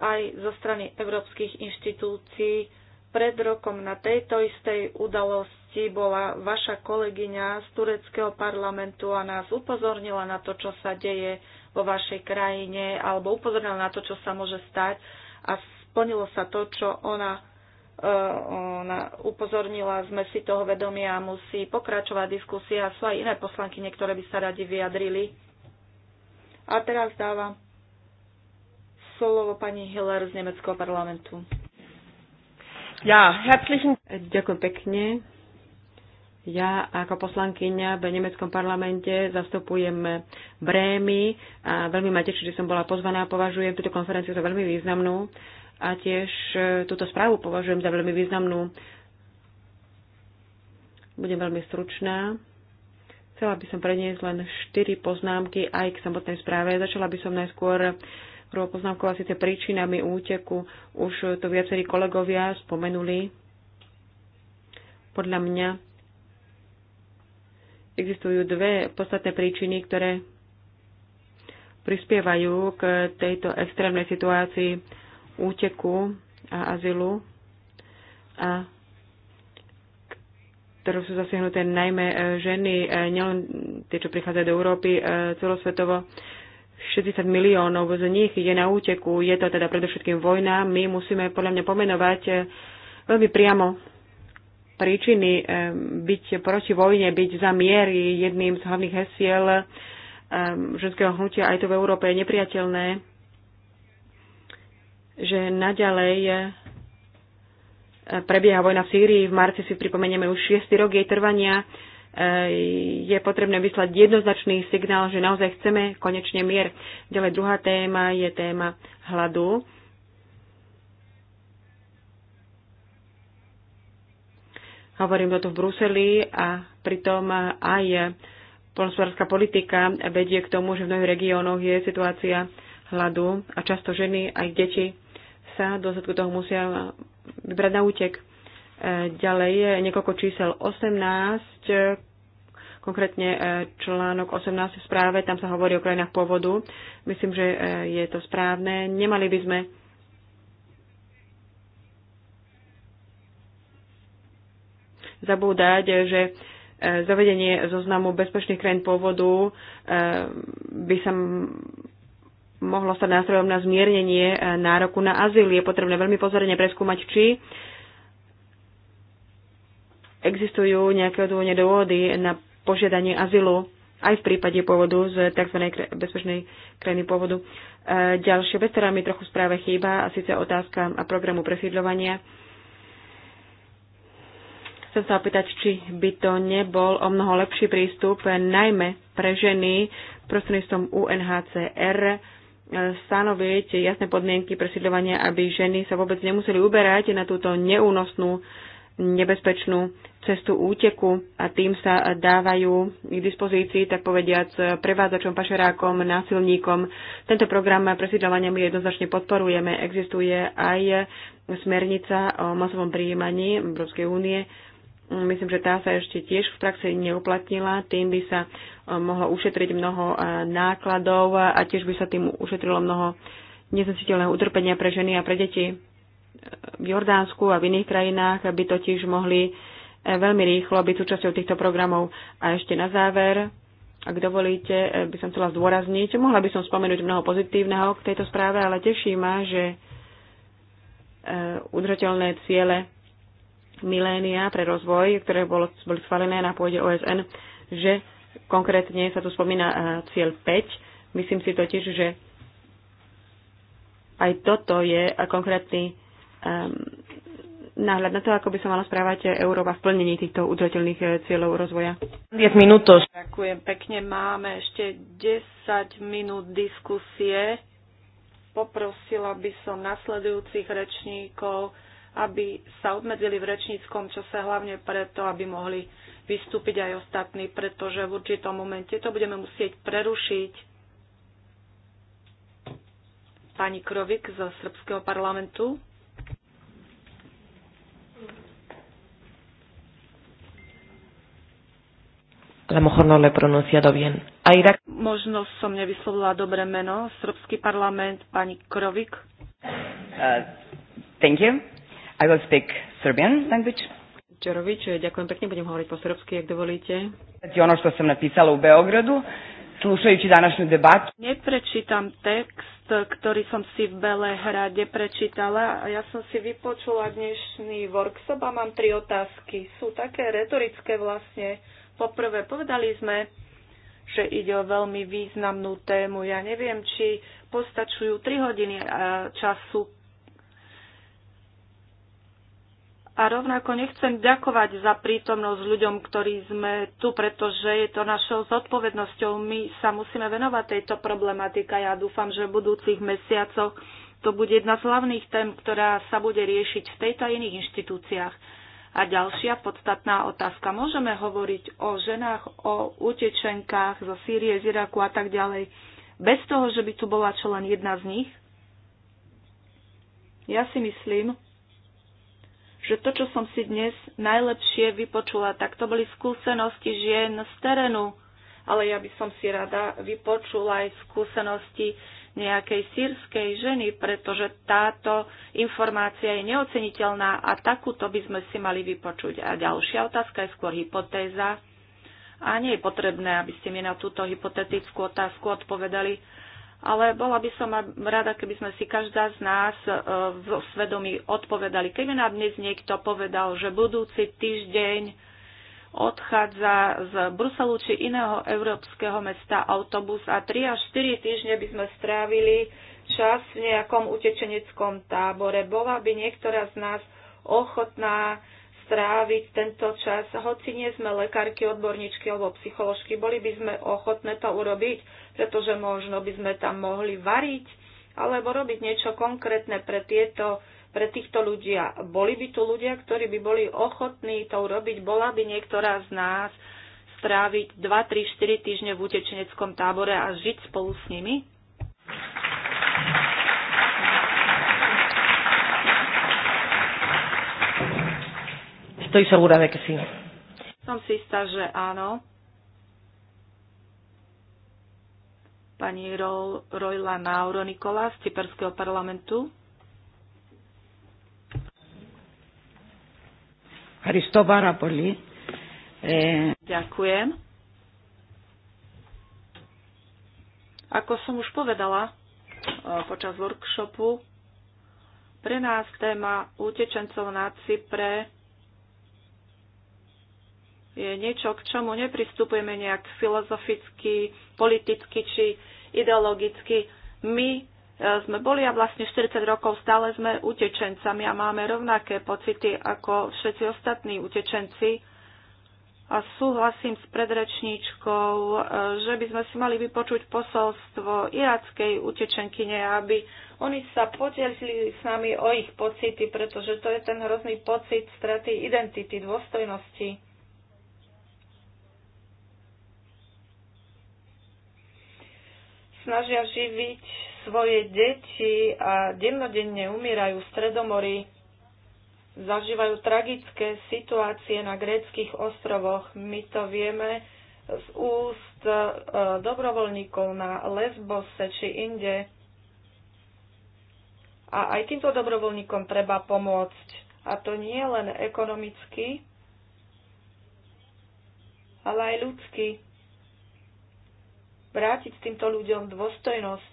aj zo strany európskych inštitúcií. Pred rokom na tejto istej udalosti bola vaša kolegyňa z tureckého parlamentu a nás upozornila na to, čo sa deje vo vašej krajine alebo upozornila na to, čo sa môže stať a splnilo sa to, čo ona, e, ona upozornila. Sme si toho vedomia a musí pokračovať diskusia. Sú aj iné poslanky, ktoré by sa radi vyjadrili. A teraz dávam slovo pani Hiller z Nemeckého parlamentu. Ja, herzlichen... Ďakujem pekne. Ja ako poslankyňa v nemeckom parlamente zastupujem Brémy a veľmi ma teší, že som bola pozvaná. Považujem túto konferenciu za veľmi významnú a tiež e, túto správu považujem za veľmi významnú. Budem veľmi stručná. Chcela by som preniesť len štyri poznámky aj k samotnej správe. Začala by som najskôr prvou poznámkou a síce príčinami úteku. Už to viacerí kolegovia spomenuli. Podľa mňa Existujú dve podstatné príčiny, ktoré prispievajú k tejto extrémnej situácii úteku a azylu a ktorú sú zasiahnuté najmä e, ženy, e, nielen tie, čo prichádzajú do Európy e, celosvetovo. 60 miliónov z nich je na úteku, je to teda predovšetkým vojna. My musíme podľa mňa pomenovať veľmi priamo príčiny eh, byť proti vojne, byť za miery jedným z hlavných hesiel eh, ženského hnutia aj tu v Európe je nepriateľné, že naďalej eh, prebieha vojna v Sýrii. V marci si pripomenieme už 6. rok jej trvania. Je potrebné vyslať jednoznačný signál, že naozaj chceme konečne mier. Ďalej druhá téma je téma hladu Hovorím o to v Bruseli a pritom aj polnospodárska politika vedie k tomu, že v mnohých regiónoch je situácia hladu a často ženy aj deti sa v dôsledku toho musia vybrať na útek. E, ďalej je niekoľko čísel 18, konkrétne e, článok 18 v správe, tam sa hovorí o krajinách pôvodu. Myslím, že e, je to správne. Nemali by sme zabúdať, že e, zavedenie zoznamu bezpečných krajín pôvodu e, by sa mohlo stať nástrojom na zmiernenie e, nároku na azyl. Je potrebné veľmi pozorne preskúmať, či existujú nejaké odôvodne dôvody na požiadanie azylu aj v prípade pôvodu z tzv. bezpečnej krajiny pôvodu. Ďalšia vec, ktorá mi trochu správe chýba, a síce otázka a programu presídľovania Chcem sa opýtať, či by to nebol o mnoho lepší prístup, najmä pre ženy prostredníctvom UNHCR, e, stanoviť jasné podmienky presídľovania, aby ženy sa vôbec nemuseli uberať na túto neúnosnú, nebezpečnú cestu úteku a tým sa dávajú k dispozícii, tak povediac, prevádzačom, pašerákom, násilníkom. Tento program presídľovania my jednoznačne podporujeme. Existuje aj smernica o masovom príjmaní Európskej únie, Myslím, že tá sa ešte tiež v praxi neuplatnila, tým by sa e, mohlo ušetriť mnoho e, nákladov a tiež by sa tým ušetrilo mnoho neznesiteľného utrpenia pre ženy a pre deti. E, v Jordánsku a v iných krajinách by totiž mohli veľmi rýchlo byť súčasťou týchto programov. A ešte na záver, ak dovolíte, by som chcela zdôrazniť, mohla by som spomenúť mnoho pozitívneho k tejto správe, ale teší ma, že udržateľné ciele milénia pre rozvoj, ktoré bolo, boli schválené na pôde OSN, že konkrétne sa tu spomína e, cieľ 5. Myslím si totiž, že aj toto je konkrétny um, náhľad na to, ako by sa mala správať Európa v plnení týchto udržateľných e, cieľov rozvoja. 10 minút. Ďakujem pekne. Máme ešte 10 minút diskusie. Poprosila by som nasledujúcich rečníkov, aby sa obmedzili v rečníckom čase hlavne preto, aby mohli vystúpiť aj ostatní, pretože v určitom momente to budeme musieť prerušiť. Pani Krovik zo Srbského parlamentu. No Možno som nevyslovila dobre meno. Srbský parlament, pani Krovik. Uh, thank you. I will speak Serbian language. Čarovič, ďakujem pekne, budem hovoriť po srbsky, ak dovolíte. Ono, čo som napísala v Beogradu, slušajući današnú debatu. Neprečítam text, ktorý som si v Belehrade prečítala. Ja som si vypočula dnešný workshop a mám tri otázky. Sú také retorické vlastne. Poprvé, povedali sme, že ide o veľmi významnú tému. Ja neviem, či postačujú 3 hodiny času A rovnako nechcem ďakovať za prítomnosť ľuďom, ktorí sme tu, pretože je to našou zodpovednosťou. My sa musíme venovať tejto problematike. Ja dúfam, že v budúcich mesiacoch to bude jedna z hlavných tém, ktorá sa bude riešiť v tejto a iných inštitúciách. A ďalšia podstatná otázka. Môžeme hovoriť o ženách, o utečenkách zo Sýrie, z Iraku a tak ďalej, bez toho, že by tu bola čo len jedna z nich? Ja si myslím, že to, čo som si dnes najlepšie vypočula, tak to boli skúsenosti žien z terénu, ale ja by som si rada vypočula aj skúsenosti nejakej sírskej ženy, pretože táto informácia je neoceniteľná a takúto by sme si mali vypočuť. A ďalšia otázka je skôr hypotéza. A nie je potrebné, aby ste mi na túto hypotetickú otázku odpovedali, ale bola by som rada, keby sme si každá z nás e, v svedomí odpovedali. Keby nám dnes niekto povedal, že budúci týždeň odchádza z Bruselu či iného európskeho mesta autobus a 3 až 4 týždne by sme strávili čas v nejakom utečeneckom tábore. Bola by niektorá z nás ochotná stráviť tento čas, hoci nie sme lekárky, odborníčky alebo psycholožky, boli by sme ochotné to urobiť, pretože možno by sme tam mohli variť alebo robiť niečo konkrétne pre tieto pre týchto ľudia. Boli by tu ľudia, ktorí by boli ochotní to urobiť, bola by niektorá z nás stráviť 2, 3, 4 týždne v utečeneckom tábore a žiť spolu s nimi? Estoy segura de que sí. Som si istá, že áno. Pani Ro- Rojla Nauro Nikola z Cyperského parlamentu. Ευχαριστώ πάρα E... Ďakujem. Ako som už povedala e, počas workshopu, pre nás téma utečencov na Cypre je niečo, k čomu nepristupujeme nejak filozoficky, politicky či ideologicky. My e, sme boli a vlastne 40 rokov stále sme utečencami a máme rovnaké pocity ako všetci ostatní utečenci. A súhlasím s predrečníčkou, e, že by sme si mali vypočuť posolstvo irackej utečenkyne, aby oni sa podelili s nami o ich pocity, pretože to je ten hrozný pocit straty identity, dôstojnosti. snažia živiť svoje deti a dennodenne umierajú v Stredomori. Zažívajú tragické situácie na gréckých ostrovoch. My to vieme z úst e, dobrovoľníkov na Lesbose či inde. A aj týmto dobrovoľníkom treba pomôcť. A to nie len ekonomicky, ale aj ľudský vrátiť týmto ľuďom dôstojnosť.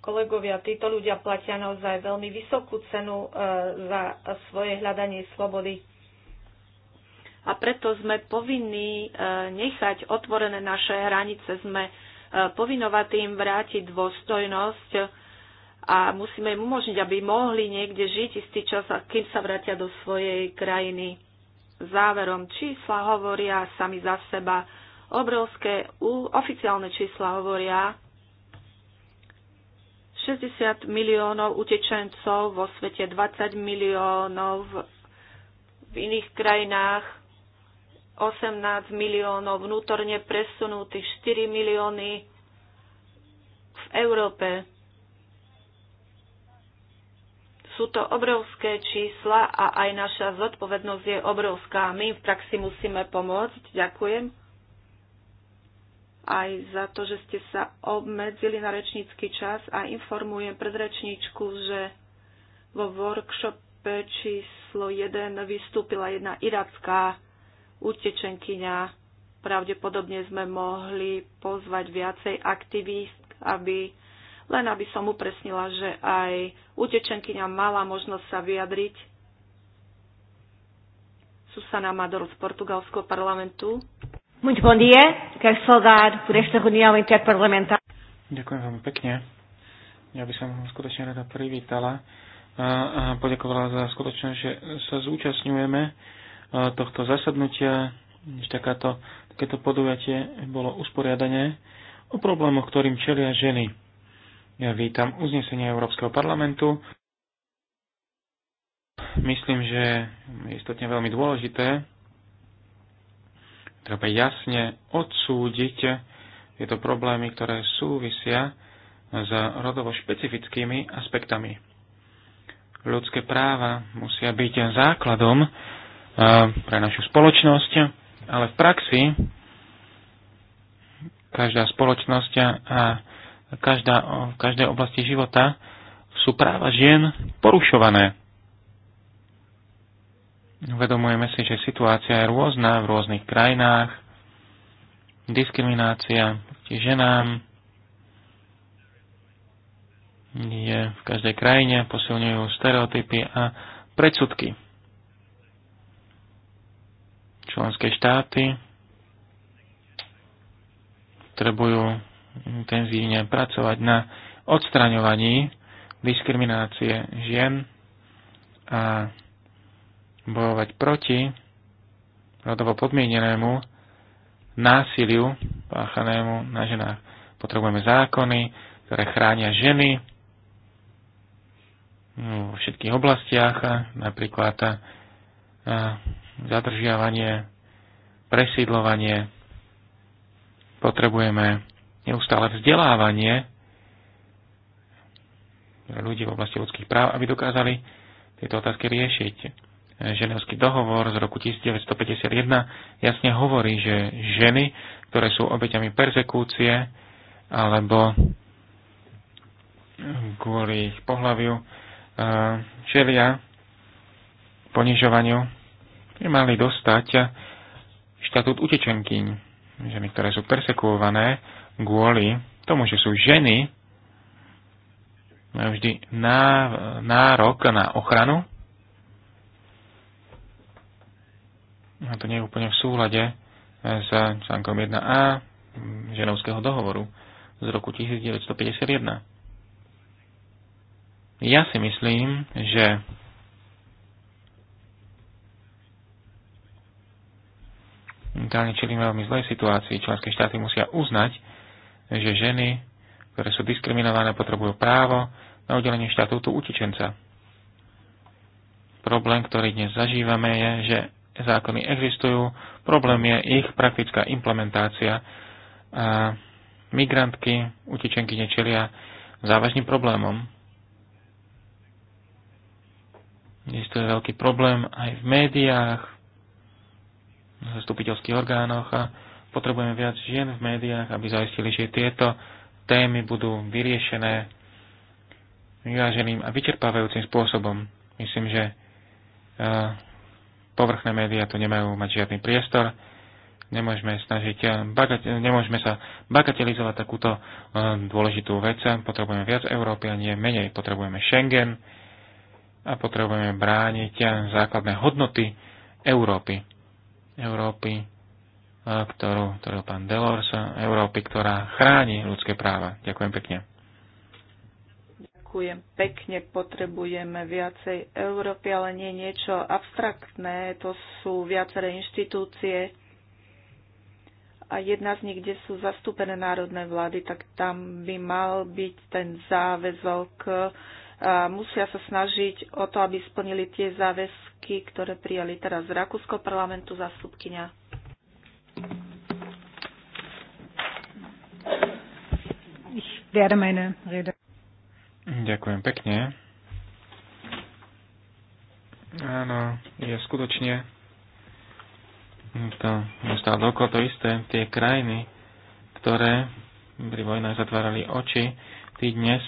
Kolegovia, títo ľudia platia naozaj veľmi vysokú cenu e, za svoje hľadanie slobody. A preto sme povinní e, nechať otvorené naše hranice, sme e, im vrátiť dôstojnosť a musíme im umožniť, aby mohli niekde žiť istý čas, kým sa vrátia do svojej krajiny záverom. Čísla hovoria sami za seba. Obrovské oficiálne čísla hovoria 60 miliónov utečencov vo svete, 20 miliónov v, v iných krajinách, 18 miliónov vnútorne presunutých, 4 milióny v Európe sú to obrovské čísla a aj naša zodpovednosť je obrovská. My v praxi musíme pomôcť. Ďakujem aj za to, že ste sa obmedzili na rečnícky čas a informujem predrečníčku, že vo workshope číslo 1 vystúpila jedna iracká utečenkyňa. Pravdepodobne sme mohli pozvať viacej aktivist, aby len aby som upresnila, že aj utečenkyňa mala možnosť sa vyjadriť. Susana Mador z portugalského parlamentu. Muito bom dia. Quero saudar por esta reunião interparlamentar. Ďakujem veľmi pekne. Ja by som skutočne rada privítala a poďakovala za skutočnosť, že sa zúčastňujeme tohto zasadnutia, že takáto, takéto podujatie bolo usporiadanie o problémoch, ktorým čelia ženy ja vítam uznesenie Európskeho parlamentu. Myslím, že je istotne veľmi dôležité treba jasne odsúdiť tieto problémy, ktoré súvisia s rodovo špecifickými aspektami. Ľudské práva musia byť základom eh, pre našu spoločnosť, ale v praxi každá spoločnosť a každá, v každej oblasti života sú práva žien porušované. Uvedomujeme si, že situácia je rôzna v rôznych krajinách, diskriminácia proti ženám je v každej krajine, posilňujú stereotypy a predsudky. Členské štáty potrebujú intenzívne pracovať na odstraňovaní diskriminácie žien a bojovať proti rodovo podmienenému násiliu páchanému na ženách. Potrebujeme zákony, ktoré chránia ženy vo všetkých oblastiach, napríklad zadržiavanie, presídlovanie. Potrebujeme neustále vzdelávanie ľudí v oblasti ľudských práv, aby dokázali tieto otázky riešiť. Ženevský dohovor z roku 1951 jasne hovorí, že ženy, ktoré sú obeťami persekúcie alebo kvôli ich pohľaviu eh, čelia ponižovaniu, by mali dostať štatút utečenkyň. Ženy, ktoré sú persekuované, kvôli tomu, že sú ženy, majú vždy nárok na ochranu. A to nie je úplne v súlade s článkom 1a ženovského dohovoru z roku 1951. Ja si myslím, že momentálne čelíme veľmi zlej situácii. Členské štáty musia uznať že ženy, ktoré sú diskriminované, potrebujú právo na udelenie štatútu utečenca. Problém, ktorý dnes zažívame, je, že zákony existujú, problém je ich praktická implementácia a migrantky, utečenky nečelia závažným problémom. Existuje veľký problém aj v médiách, v zastupiteľských orgánoch a Potrebujeme viac žien v médiách, aby zaistili, že tieto témy budú vyriešené vyváženým a vyčerpávajúcim spôsobom. Myslím, že e, povrchné médiá tu nemajú mať žiadny priestor. Nemôžeme, snažiť, e, bagate, nemôžeme sa bagatelizovať takúto e, dôležitú vec. Potrebujeme viac Európy a nie menej. Potrebujeme Schengen a potrebujeme brániť základné hodnoty Európy. Európy ktorú tvoril pán Delors, Európy, ktorá chráni ľudské práva. Ďakujem pekne. Ďakujem pekne, potrebujeme viacej Európy, ale nie niečo abstraktné, to sú viaceré inštitúcie a jedna z nich, kde sú zastúpené národné vlády, tak tam by mal byť ten záväzok. A musia sa snažiť o to, aby splnili tie záväzky, ktoré prijali teraz z Rakúsko parlamentu zastupkynia. Ďakujem pekne. Áno, je skutočne to stále dokola to isté. Tie krajiny, ktoré pri vojnách zatvárali oči, tí dnes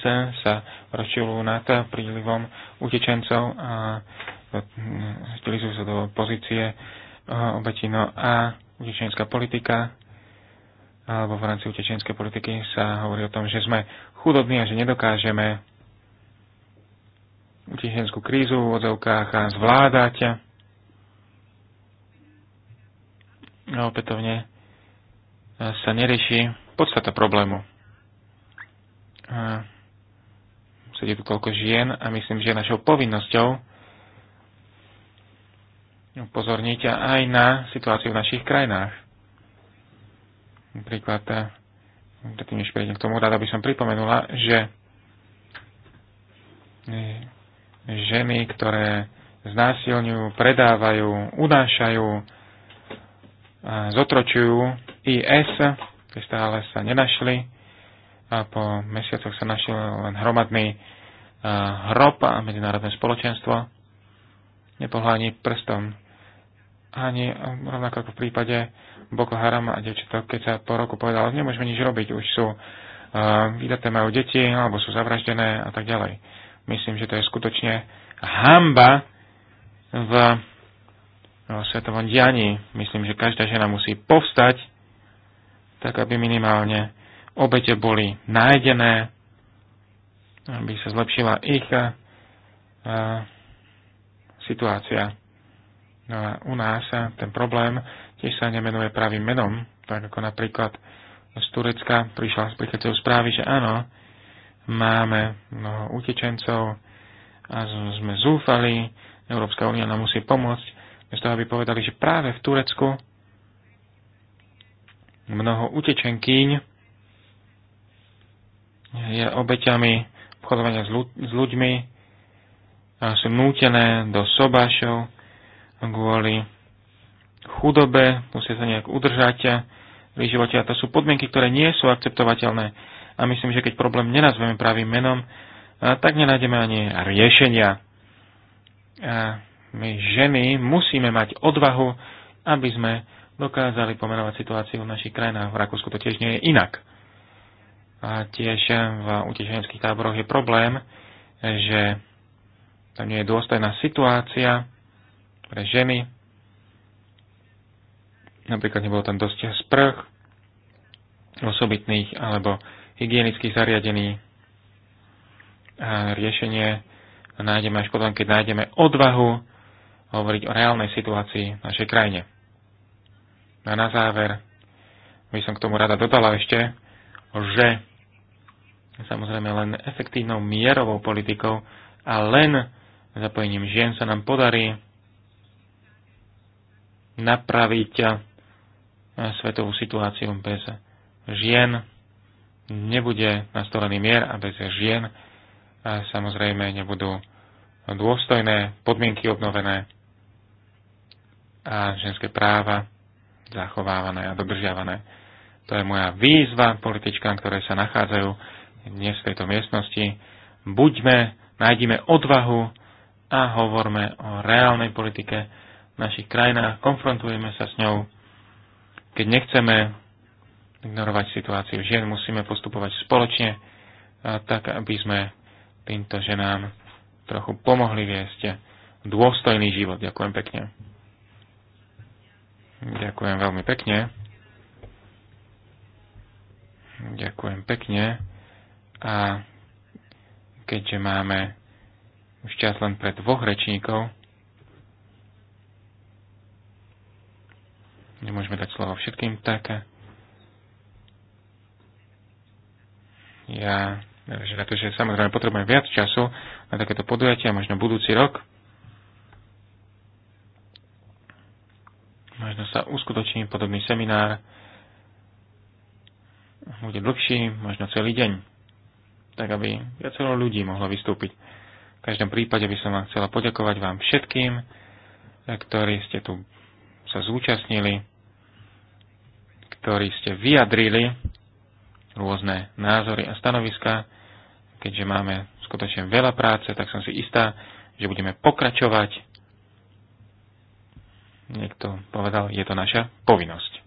sa rozčilujú nad prílivom utečencov a stilizujú sa do pozície obetino a utečenská politika alebo v rámci utečenskej politiky sa hovorí o tom, že sme chudobní a že nedokážeme utečenskú krízu v odzovkách a zvládať. A opätovne sa nerieši podstata problému. A sedí tu toľko žien a myslím, že našou povinnosťou upozorniť aj na situáciu v našich krajinách. Napríklad, eh, predtým než prejdem k tomu, rada by som pripomenula, že eh, ženy, ktoré znásilňujú, predávajú, unášajú, zotročujú IS, ktoré stále sa nenašli a po mesiacoch sa našiel len hromadný eh, hrob a medzinárodné spoločenstvo nepohľadní prstom ani eh, rovnako ako v prípade Boko Haram a dievčatok, keď sa po roku povedalo, nemôžeme nič robiť, už sú uh, vydaté, majú deti, alebo sú zavraždené a tak ďalej. Myslím, že to je skutočne hamba v no, svetovom dianí. Myslím, že každá žena musí povstať, tak aby minimálne obete boli nájdené, aby sa zlepšila ich uh, situácia No a u nás ten problém tiež sa nemenuje pravým menom, tak ako napríklad z Turecka prišla, z prichádzajú správy, že áno, máme mnoho utečencov a sme zúfali, Európska únia nám musí pomôcť, z toho, aby povedali, že práve v Turecku mnoho utečenkyň je obeťami obchodovania s, s ľuďmi a sú nútené do sobášov, kvôli chudobe, musia sa nejak udržať pri živote a to sú podmienky, ktoré nie sú akceptovateľné. A myslím, že keď problém nenazveme pravým menom, tak nenájdeme ani riešenia. A my ženy musíme mať odvahu, aby sme dokázali pomenovať situáciu v našich krajinách. V Rakúsku to tiež nie je inak. A tiež v utečeneckých táboroch je problém, že tam nie je dôstojná situácia, pre ženy. Napríklad nebolo tam dosť sprch osobitných alebo hygienických zariadení. A riešenie nájdeme až potom, keď nájdeme odvahu hovoriť o reálnej situácii v našej krajine. A na záver by som k tomu rada dodala ešte, že samozrejme len efektívnou mierovou politikou a len zapojením žien sa nám podarí napraviť eh, svetovú situáciu bez žien. Nebude nastolený mier a bez žien a samozrejme nebudú dôstojné podmienky obnovené a ženské práva zachovávané a dodržiavané. To je moja výzva političkám, ktoré sa nachádzajú dnes v tejto miestnosti. Buďme, nájdime odvahu a hovorme o reálnej politike, v našich krajinách, konfrontujeme sa s ňou. Keď nechceme ignorovať situáciu žien, musíme postupovať spoločne, tak aby sme týmto ženám trochu pomohli viesť dôstojný život. Ďakujem pekne. Ďakujem veľmi pekne. Ďakujem pekne. A keďže máme už čas len pre dvoch rečníkov, nemôžeme dať slovo všetkým, tak eh, ja, že na to, že samozrejme potrebujem viac času na takéto podujatia, možno budúci rok, možno sa uskutoční podobný seminár, bude dlhší, možno celý deň, tak aby viacero ľudí mohlo vystúpiť. V každom prípade by som vám chcela poďakovať vám všetkým, ktorí ste tu sa zúčastnili ktorí ste vyjadrili rôzne názory a stanoviska. Keďže máme skutočne veľa práce, tak som si istá, že budeme pokračovať. Niekto povedal, je to naša povinnosť.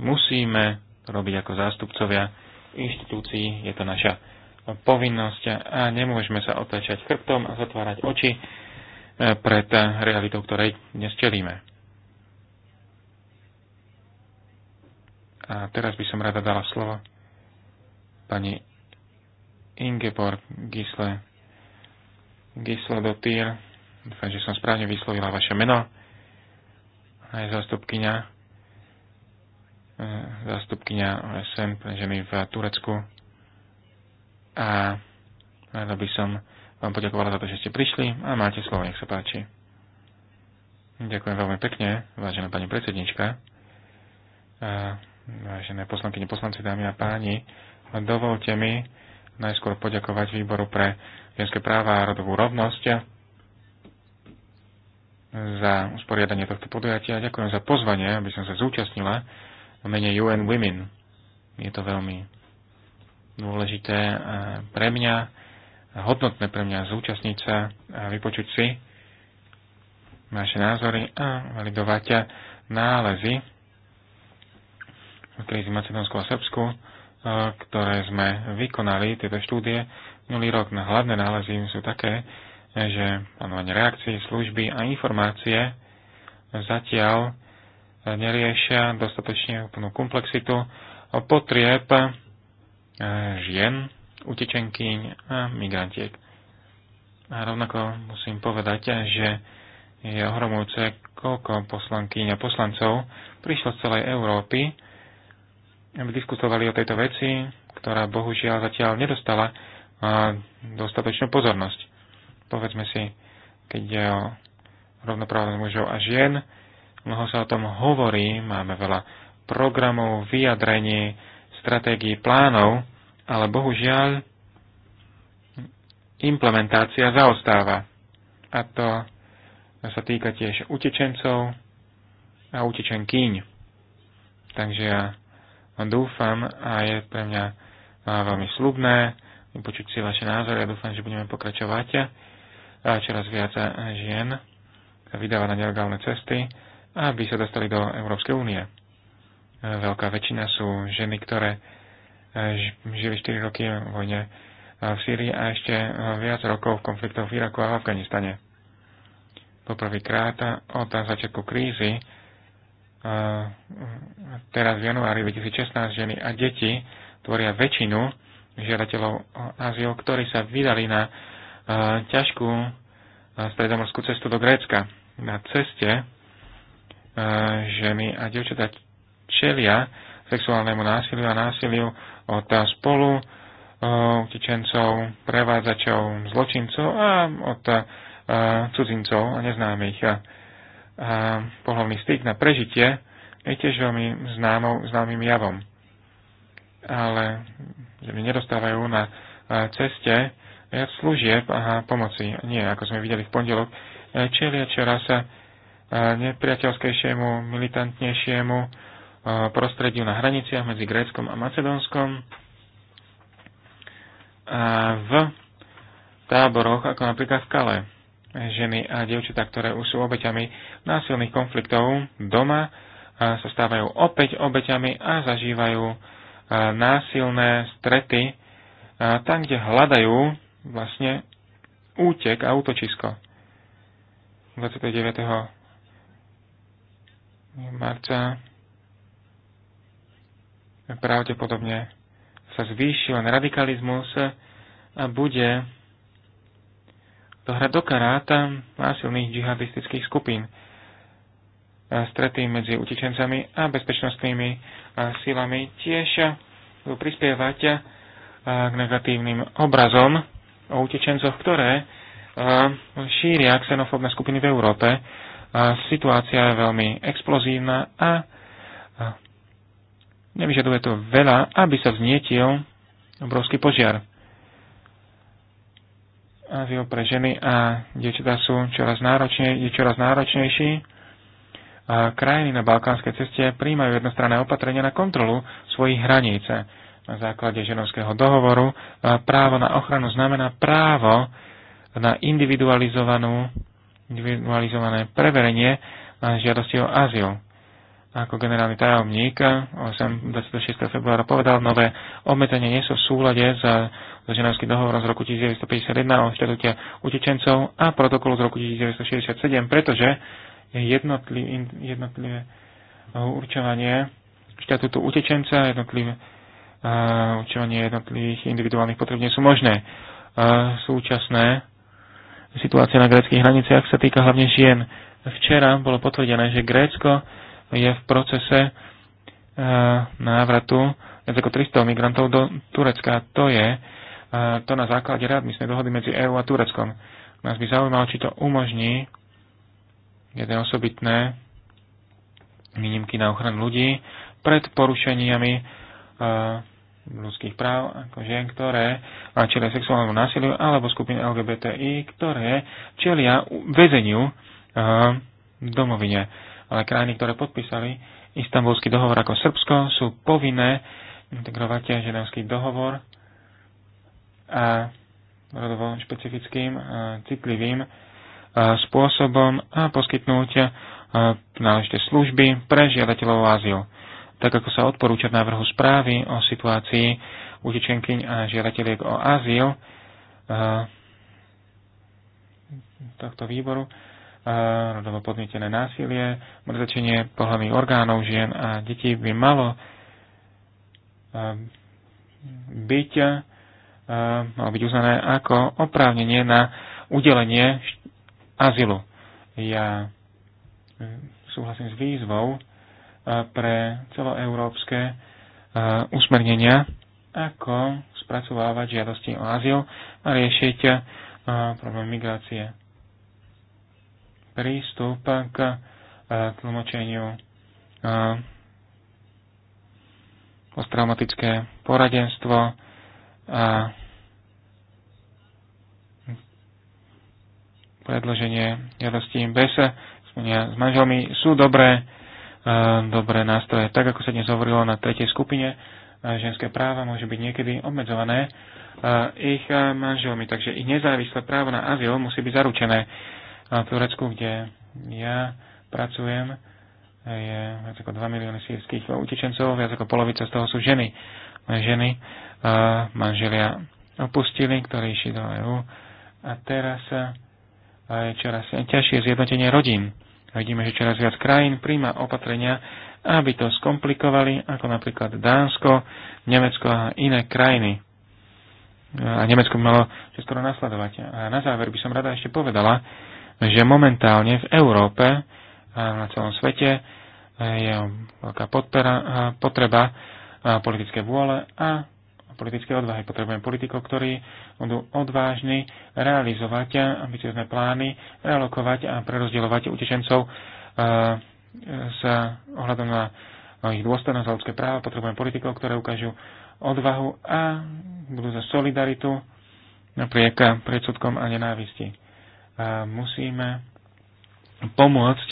Musíme robiť ako zástupcovia inštitúcií, je to naša povinnosť a nemôžeme sa otáčať chrbtom a zatvárať oči pred realitou, ktorej dnes čelíme. A teraz by som rada dala slovo pani Ingeborg Gisle, Gisle do Dúfam, že som správne vyslovila vaše meno. Aj zastupkynia e, zastupkynia OSN pre ženy v Turecku a rada by som vám poďakovala za to, že ste prišli a máte slovo, nech sa páči. Ďakujem veľmi pekne, vážená pani predsednička. A vážené poslankyne, poslanci, dámy a páni, dovolte mi najskôr poďakovať výboru pre ženské práva a rodovú rovnosť za usporiadanie tohto podujatia. Ďakujem za pozvanie, aby som sa zúčastnila v mene UN Women. Je to veľmi dôležité pre mňa hodnotné pre mňa zúčastniť sa a vypočuť si naše názory a validovať nálezy krízi Macedónsku a Srbsku, e, ktoré sme vykonali, tieto štúdie, minulý rok na hlavné nálezy sú také, že plánovanie reakcie, služby a informácie zatiaľ neriešia dostatočne úplnú komplexitu potrieb e, žien utečenkyň a migrantiek. A rovnako musím povedať, že je ohromujúce, koľko poslankyň a poslancov prišlo z celej Európy, aby diskutovali o tejto veci, ktorá bohužiaľ zatiaľ nedostala dostatočnú pozornosť. Povedzme si, keď je o rovnoprávnosť mužov a žien, mnoho sa o tom hovorí, máme veľa programov, vyjadrení, stratégií, plánov, ale bohužiaľ implementácia zaostáva. A to sa týka tiež utečencov a utečenkyň. Takže ja dúfam a je pre mňa veľmi slubné vypočuť si vaše názory a ja dúfam, že budeme pokračovať. A čoraz viac žien sa vydáva na nelegálne cesty, aby sa dostali do Európskej únie. Veľká väčšina sú ženy, ktoré žili 4 roky v vojne e, v Sýrii a ešte e, viac rokov v konfliktoch v Iraku a v Afganistane. Poprvýkrát od začiatku krízy e, teraz v januári 2016 ženy a deti tvoria väčšinu žiadateľov o azyl, ktorí sa vydali na ťažkú stredomorskú cestu do Grécka. Na ceste ženy a dievčatá čelia sexuálnemu násiliu a násiliu od spolu e, utečencov, prevádzačov, zločincov a od e, cudzincov a neznámych. A pohľavný styk na prežitie je tiež veľmi známou, známym javom. Ale že mi nedostávajú na e, ceste viac služieb a pomoci. Nie, ako sme videli v pondelok, čelia čoraz nepriateľskejšiemu, militantnejšiemu E, prostrediu na hraniciach medzi Gréckom a Macedónskom a v táboroch, ako napríklad v Kale. Ženy a dievčatá, ktoré už sú obeťami násilných konfliktov doma, e, sa stávajú opäť obeťami a zažívajú e, násilné strety tam, kde hľadajú vlastne útek a útočisko. 29. marca pravdepodobne sa zvýši len radikalizmus a bude to hrať do karáta násilných džihadistických skupín. Strety medzi utečencami a bezpečnostnými silami tiež prispievať k negatívnym obrazom o utečencoch, ktoré šíria xenofóbne skupiny v Európe. Situácia je veľmi explozívna a Nevyžaduje to veľa, aby sa vznietil obrovský požiar. Azyl pre ženy a dievčatá sú čoraz, náročnej, čoraz náročnejší. A krajiny na balkánskej ceste príjmajú jednostranné opatrenia na kontrolu svojich hraníc. Na základe ženovského dohovoru právo na ochranu znamená právo na individualizovanú, individualizované preverenie žiadosti o azyl ako generálny tajomník 8, 26. februára povedal, nové obmedzenia nie sú v súlade s, s ženevským dohovorom z roku 1951 o štatúte utečencov a protokolu z roku 1967, pretože jednotlivé, jednotlivé určovanie štatútu utečenca, jednotlivé uh, určovanie jednotlivých individuálnych potreb nie sú možné. Uh, súčasné situácie na gréckých hraniciach sa týka hlavne žien. Včera bolo potvrdené, že Grécko je v procese e, návratu viac ako 300 migrantov do Turecka. To je e, to na základe readmisnej dohody medzi EÚ a Tureckom. Nás by zaujímalo, či to umožní jedné osobitné výnimky na ochranu ľudí pred porušeniami e, ľudských práv, ako žien, ktoré čelia sexuálnemu násiliu, alebo skupiny LGBTI, ktoré čelia väzeniu v domovine ale krajiny, ktoré podpísali istambulský dohovor ako Srbsko, sú povinné integrovať ženevský dohovor a rodovo špecifickým a citlivým spôsobom a poskytnúť náležité služby pre žiadateľov o azyl. Tak ako sa odporúča v návrhu správy o situácii utečenkyň a žiadateľiek o azyl tohto výboru, rodovo eh, podnetené násilie, mrzačenie pohľadných orgánov žien a detí by malo eh, byť, eh, malo byť uznané ako oprávnenie na udelenie azylu. Ja súhlasím s výzvou pre celoeurópske usmernenia, ako spracovávať žiadosti o azyl a riešiť problém migrácie prístup k eh, tlmočeniu posttraumatické eh, poradenstvo a eh, predloženie žiadosti bez spomínania s manželmi sú dobré, dobré nástroje. Tak ako sa dnes hovorilo na tretej skupine, ženské práva môžu byť niekedy obmedzované ich manželmi, takže ich nezávislé právo na azyl musí byť zaručené v Turecku, kde ja pracujem, je viac ako 2 milióny sírských utečencov, viac ako polovica z toho sú ženy. Ženy, manželia opustili, ktorí išli do EÚ a teraz je čoraz ťažšie zjednotenie rodín. Vidíme, že čoraz viac krajín príjma opatrenia, aby to skomplikovali, ako napríklad Dánsko, Nemecko a iné krajiny. A Nemecko by malo skoro nasledovať. A na záver by som rada ešte povedala, že momentálne v Európe a na celom svete e, je veľká podpera, potreba politické vôle a politické odvahy. Potrebujeme politikov, ktorí budú odvážni realizovať ambiciozne plány, realokovať a prerozdielovať utečencov e, s ohľadom na ich dôstojnosť a ľudské práva. Potrebujeme politikov, ktoré ukážu odvahu a budú za solidaritu napriek predsudkom a nenávisti musíme pomôcť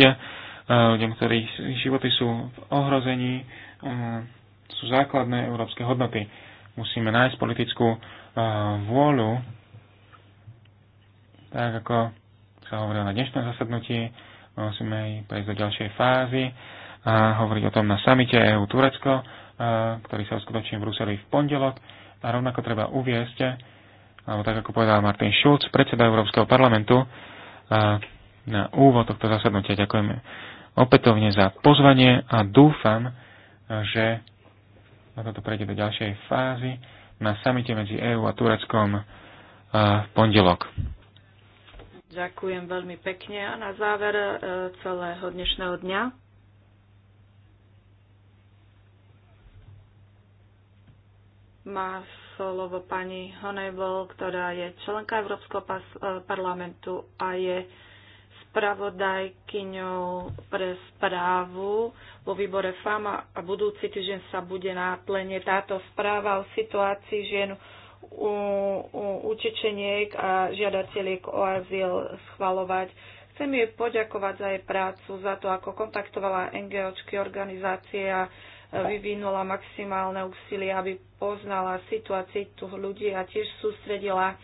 ľuďom, ktorých životy sú v ohrození, sú základné európske hodnoty. Musíme nájsť politickú vôľu, tak ako sa hovorilo na dnešnom zasadnutí, musíme aj prejsť do ďalšej fázy a hovoriť o tom na samite EU-Turecko, ktorý sa uskutoční v Bruseli v pondelok. A rovnako treba uviesť, alebo tak ako povedal Martin Schulz, predseda Európskeho parlamentu, na úvod tohto zasadnutia ďakujeme opätovne za pozvanie a dúfam, že toto prejde do ďalšej fázy na samite medzi EÚ a Tureckom v pondelok. Ďakujem veľmi pekne a na záver e, celého dnešného dňa má slovo pani Honejbol, ktorá je členka Európskeho eh, parlamentu a je spravodajkyňou pre správu vo výbore FAMA a budúci týždeň sa bude na plene táto správa o situácii žien u, u učečeniek a žiadateľiek o azyl schvalovať. Chcem jej poďakovať za jej prácu, za to, ako kontaktovala NGOčky, organizácie a vyvinula maximálne úsilie, aby poznala situáciu tu ľudí a tiež sústredila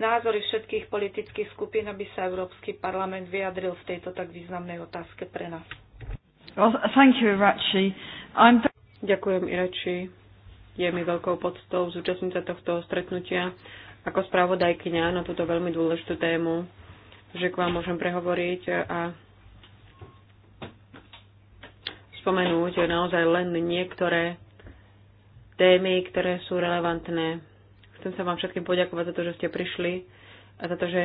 názory všetkých politických skupín, aby sa Európsky parlament vyjadril v tejto tak významnej otázke pre nás. Well, thank you, Irachi. I'm... Ďakujem, Irači. Je mi veľkou poctou zúčastniť sa tohto stretnutia ako spravodajkyňa na túto veľmi dôležitú tému, že k vám môžem prehovoriť a spomenúť naozaj len niektoré témy, ktoré sú relevantné. Chcem sa vám všetkým poďakovať za to, že ste prišli a za to, že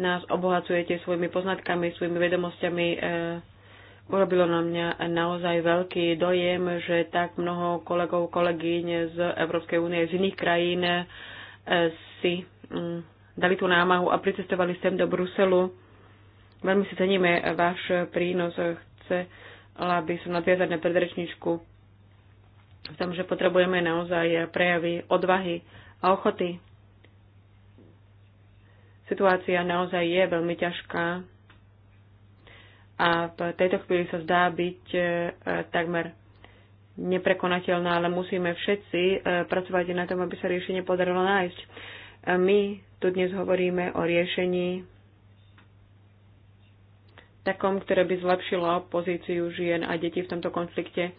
nás obohacujete svojimi poznatkami, svojimi vedomosťami. E, urobilo na mňa naozaj veľký dojem, že tak mnoho kolegov, kolegyň z Európskej únie, z iných krajín e, si mm, dali tú námahu a pricestovali sem do Bruselu. Veľmi si ceníme váš prínos chcela by som nadviazať na predrečničku v tom, že potrebujeme naozaj prejavy odvahy a ochoty. Situácia naozaj je veľmi ťažká a v tejto chvíli sa zdá byť e, takmer neprekonateľná, ale musíme všetci e, pracovať na tom, aby sa riešenie podarilo nájsť. E, my tu dnes hovoríme o riešení takom, ktoré by zlepšilo pozíciu žien a detí v tomto konflikte,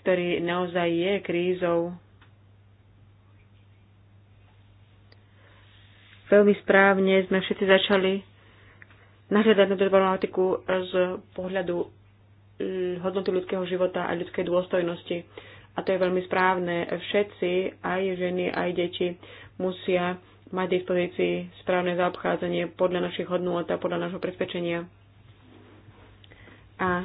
ktorý naozaj je krízou. Veľmi správne sme všetci začali nahľadať na túto problematiku z pohľadu hodnoty ľudského života a ľudskej dôstojnosti. A to je veľmi správne. Všetci, aj ženy, aj deti, musia mať dispozícii správne zaobchádzanie podľa našich hodnôt a podľa našho presvedčenia. A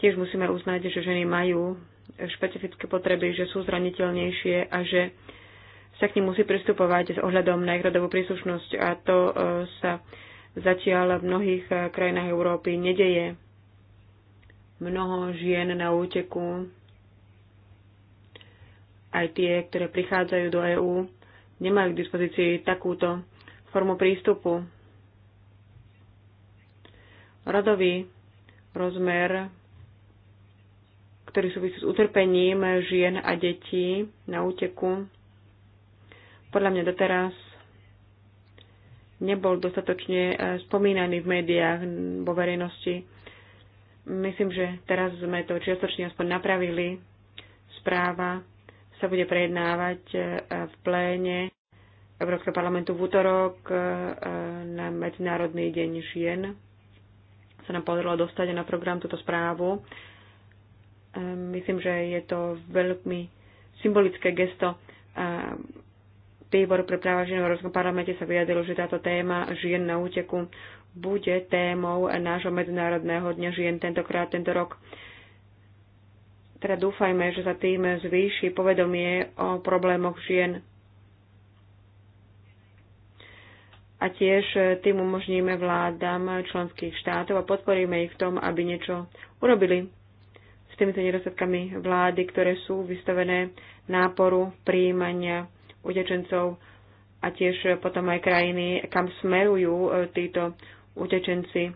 tiež musíme uznať, že ženy majú špecifické potreby, že sú zraniteľnejšie a že sa k nim musí pristupovať s ohľadom na ich rodovú príslušnosť a to e, sa zatiaľ v mnohých e, krajinách Európy nedeje. Mnoho žien na úteku, aj tie, ktoré prichádzajú do EÚ, nemajú k dispozícii takúto formu prístupu. Rodový rozmer, ktorý súvisí s utrpením žien a detí na úteku. Podľa mňa doteraz nebol dostatočne e, spomínaný v médiách, vo verejnosti. Myslím, že teraz sme to čiastočne aspoň napravili. Správa sa bude prejednávať e, v pléne Európskeho parlamentu v útorok e, na Medzinárodný deň žien sa nám podarilo dostať na program túto správu. Ehm, myslím, že je to veľmi symbolické gesto. Ehm, Výbor pre práva žien v Európskom parlamente sa vyjadril, že táto téma žien na úteku bude témou nášho Medzinárodného dňa žien tentokrát, tento rok. Teda dúfajme, že sa tým zvýši povedomie o problémoch žien a tiež e, tým umožníme vládam členských štátov a podporíme ich v tom, aby niečo urobili s týmito nedostatkami vlády, ktoré sú vystavené náporu príjmania utečencov a tiež potom aj krajiny, kam smerujú e, títo utečenci.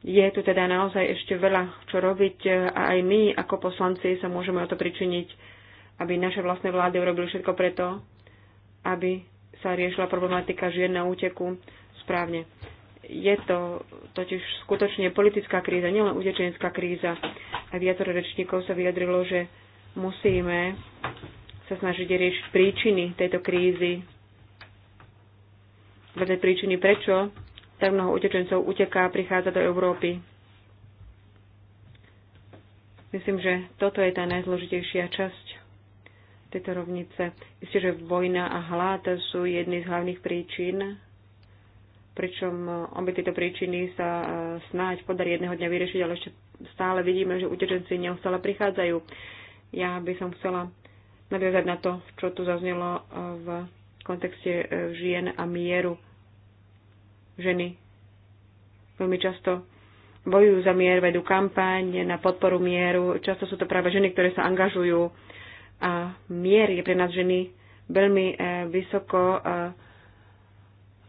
Je tu teda naozaj ešte veľa čo robiť e, a aj my ako poslanci sa môžeme o to pričiniť, aby naše vlastné vlády urobili všetko preto, aby sa riešila problematika žien na úteku správne. Je to totiž skutočne politická kríza, nielen utečenská kríza. A viacero rečníkov sa vyjadrilo, že musíme sa snažiť riešiť príčiny tejto krízy. Vedľa príčiny, prečo tak mnoho utečencov uteká a prichádza do Európy. Myslím, že toto je tá najzložitejšia časť tejto rovnice. Isté, že vojna a hlad sú jedny z hlavných príčin, pričom eh, obe tieto príčiny sa eh, snáď podarí jedného dňa vyriešiť, ale ešte stále vidíme, že utečenci neustále prichádzajú. Ja by som chcela nadviazať na to, čo tu zaznelo eh, v kontexte žien a mieru. Ženy veľmi často bojujú za mier, vedú kampaň na podporu mieru. Často sú to práve ženy, ktoré sa angažujú a mier je pre nás ženy veľmi e, vysoko e,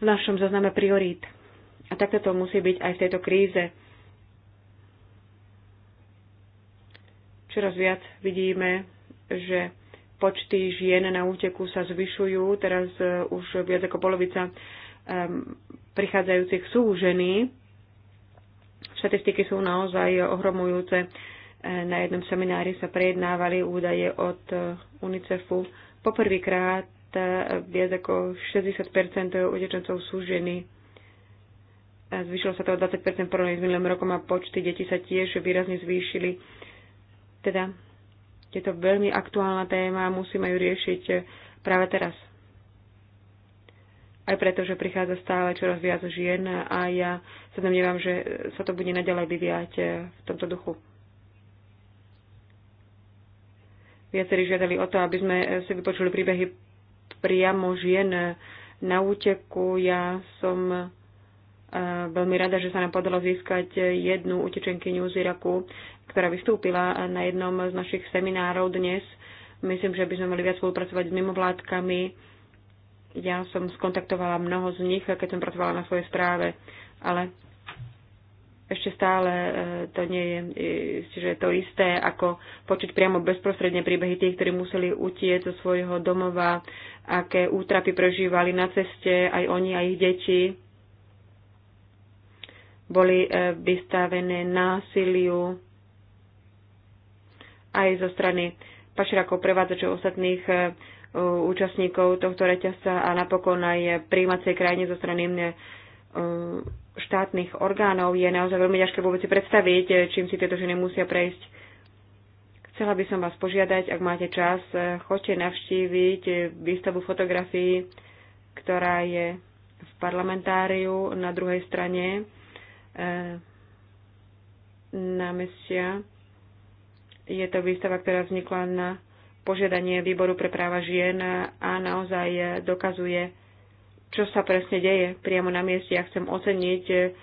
v našom zozname priorít. A takto to musí byť aj v tejto kríze. Čoraz viac vidíme, že počty žien na úteku sa zvyšujú. Teraz e, už viac ako polovica prichádzajúcich sú ženy. Štatistiky sú naozaj ohromujúce. Na jednom seminári sa prejednávali údaje od e, UNICEFu. Poprvýkrát e, viac ako 60 utečencov sú ženy. Zvyšilo sa to o 20 porovnaní s minulým rokom a počty detí sa tiež výrazne zvýšili. Teda je to veľmi aktuálna téma a musíme ju riešiť e, práve teraz. Aj preto, že prichádza stále čoraz viac žien a ja sa domnievam, že sa to bude naďalej vyvíjať v tomto duchu. Viacerí žiadali o to, aby sme eh, si vypočuli príbehy priamo žien na úteku. Ja som eh, veľmi rada, že sa nám podalo získať jednu utečenkyňu z Iraku, ktorá vystúpila na jednom z našich seminárov dnes. Myslím, že by sme mali viac spolupracovať s mimovládkami. Ja som skontaktovala mnoho z nich, keď som pracovala na svojej správe, ale ešte stále e, to nie je e, že to isté, ako počuť priamo bezprostredne príbehy tých, ktorí museli utieť zo svojho domova, aké útrapy prežívali na ceste, aj oni, aj ich deti. Boli e, vystavené násiliu aj zo strany pašerakov, prevádzačov ostatných účastníkov tohto reťazca a napokon aj príjmacej krajine zo strany mne štátnych orgánov je naozaj veľmi ťažké vôbec si predstaviť, eh, čím si tieto ženy musia prejsť. Chcela by som vás požiadať, ak máte čas, eh, choďte navštíviť eh, výstavu fotografií, ktorá je v parlamentáriu na druhej strane námestia. Je to výstava, ktorá vznikla na požiadanie Výboru pre práva žien a naozaj dokazuje čo sa presne deje priamo na mieste. Ja chcem oceniť eh,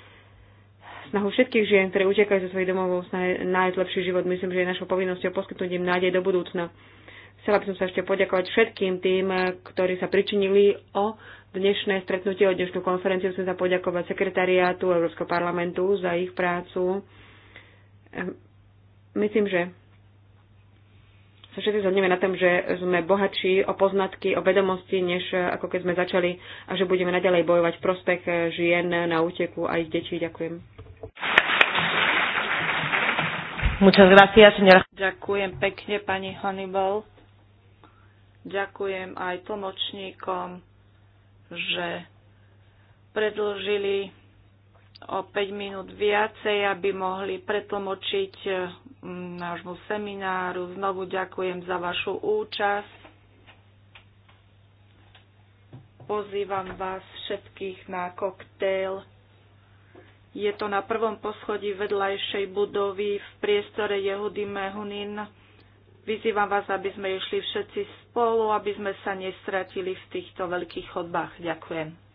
snahu všetkých žien, ktoré utekajú zo svojich domov snahe nájsť lepší život. Myslím, že je našou povinnosťou poskytnúť im nádej do budúcna. Chcela by som sa ešte poďakovať všetkým tým, eh, ktorí sa pričinili o dnešné stretnutie, o dnešnú konferenciu. Chcem sa poďakovať sekretariátu Európskeho parlamentu za ich prácu. Ehm, myslím, že sa všetci zhodneme na tom, že sme bohatší o poznatky, o vedomosti, než ako keď sme začali a že budeme naďalej bojovať v prospech žien na úteku a ich detí. Ďakujem. Muchas gracias, señora. Ďakujem pekne, pani Hannibal. Ďakujem aj tlmočníkom, že predlžili o 5 minút viacej, aby mohli pretlmočiť nášmu semináru. Znovu ďakujem za vašu účasť. Pozývam vás všetkých na koktail. Je to na prvom poschodí vedľajšej budovy v priestore Jehudy Mehunin. Vyzývam vás, aby sme išli všetci spolu, aby sme sa nestratili v týchto veľkých chodbách. Ďakujem.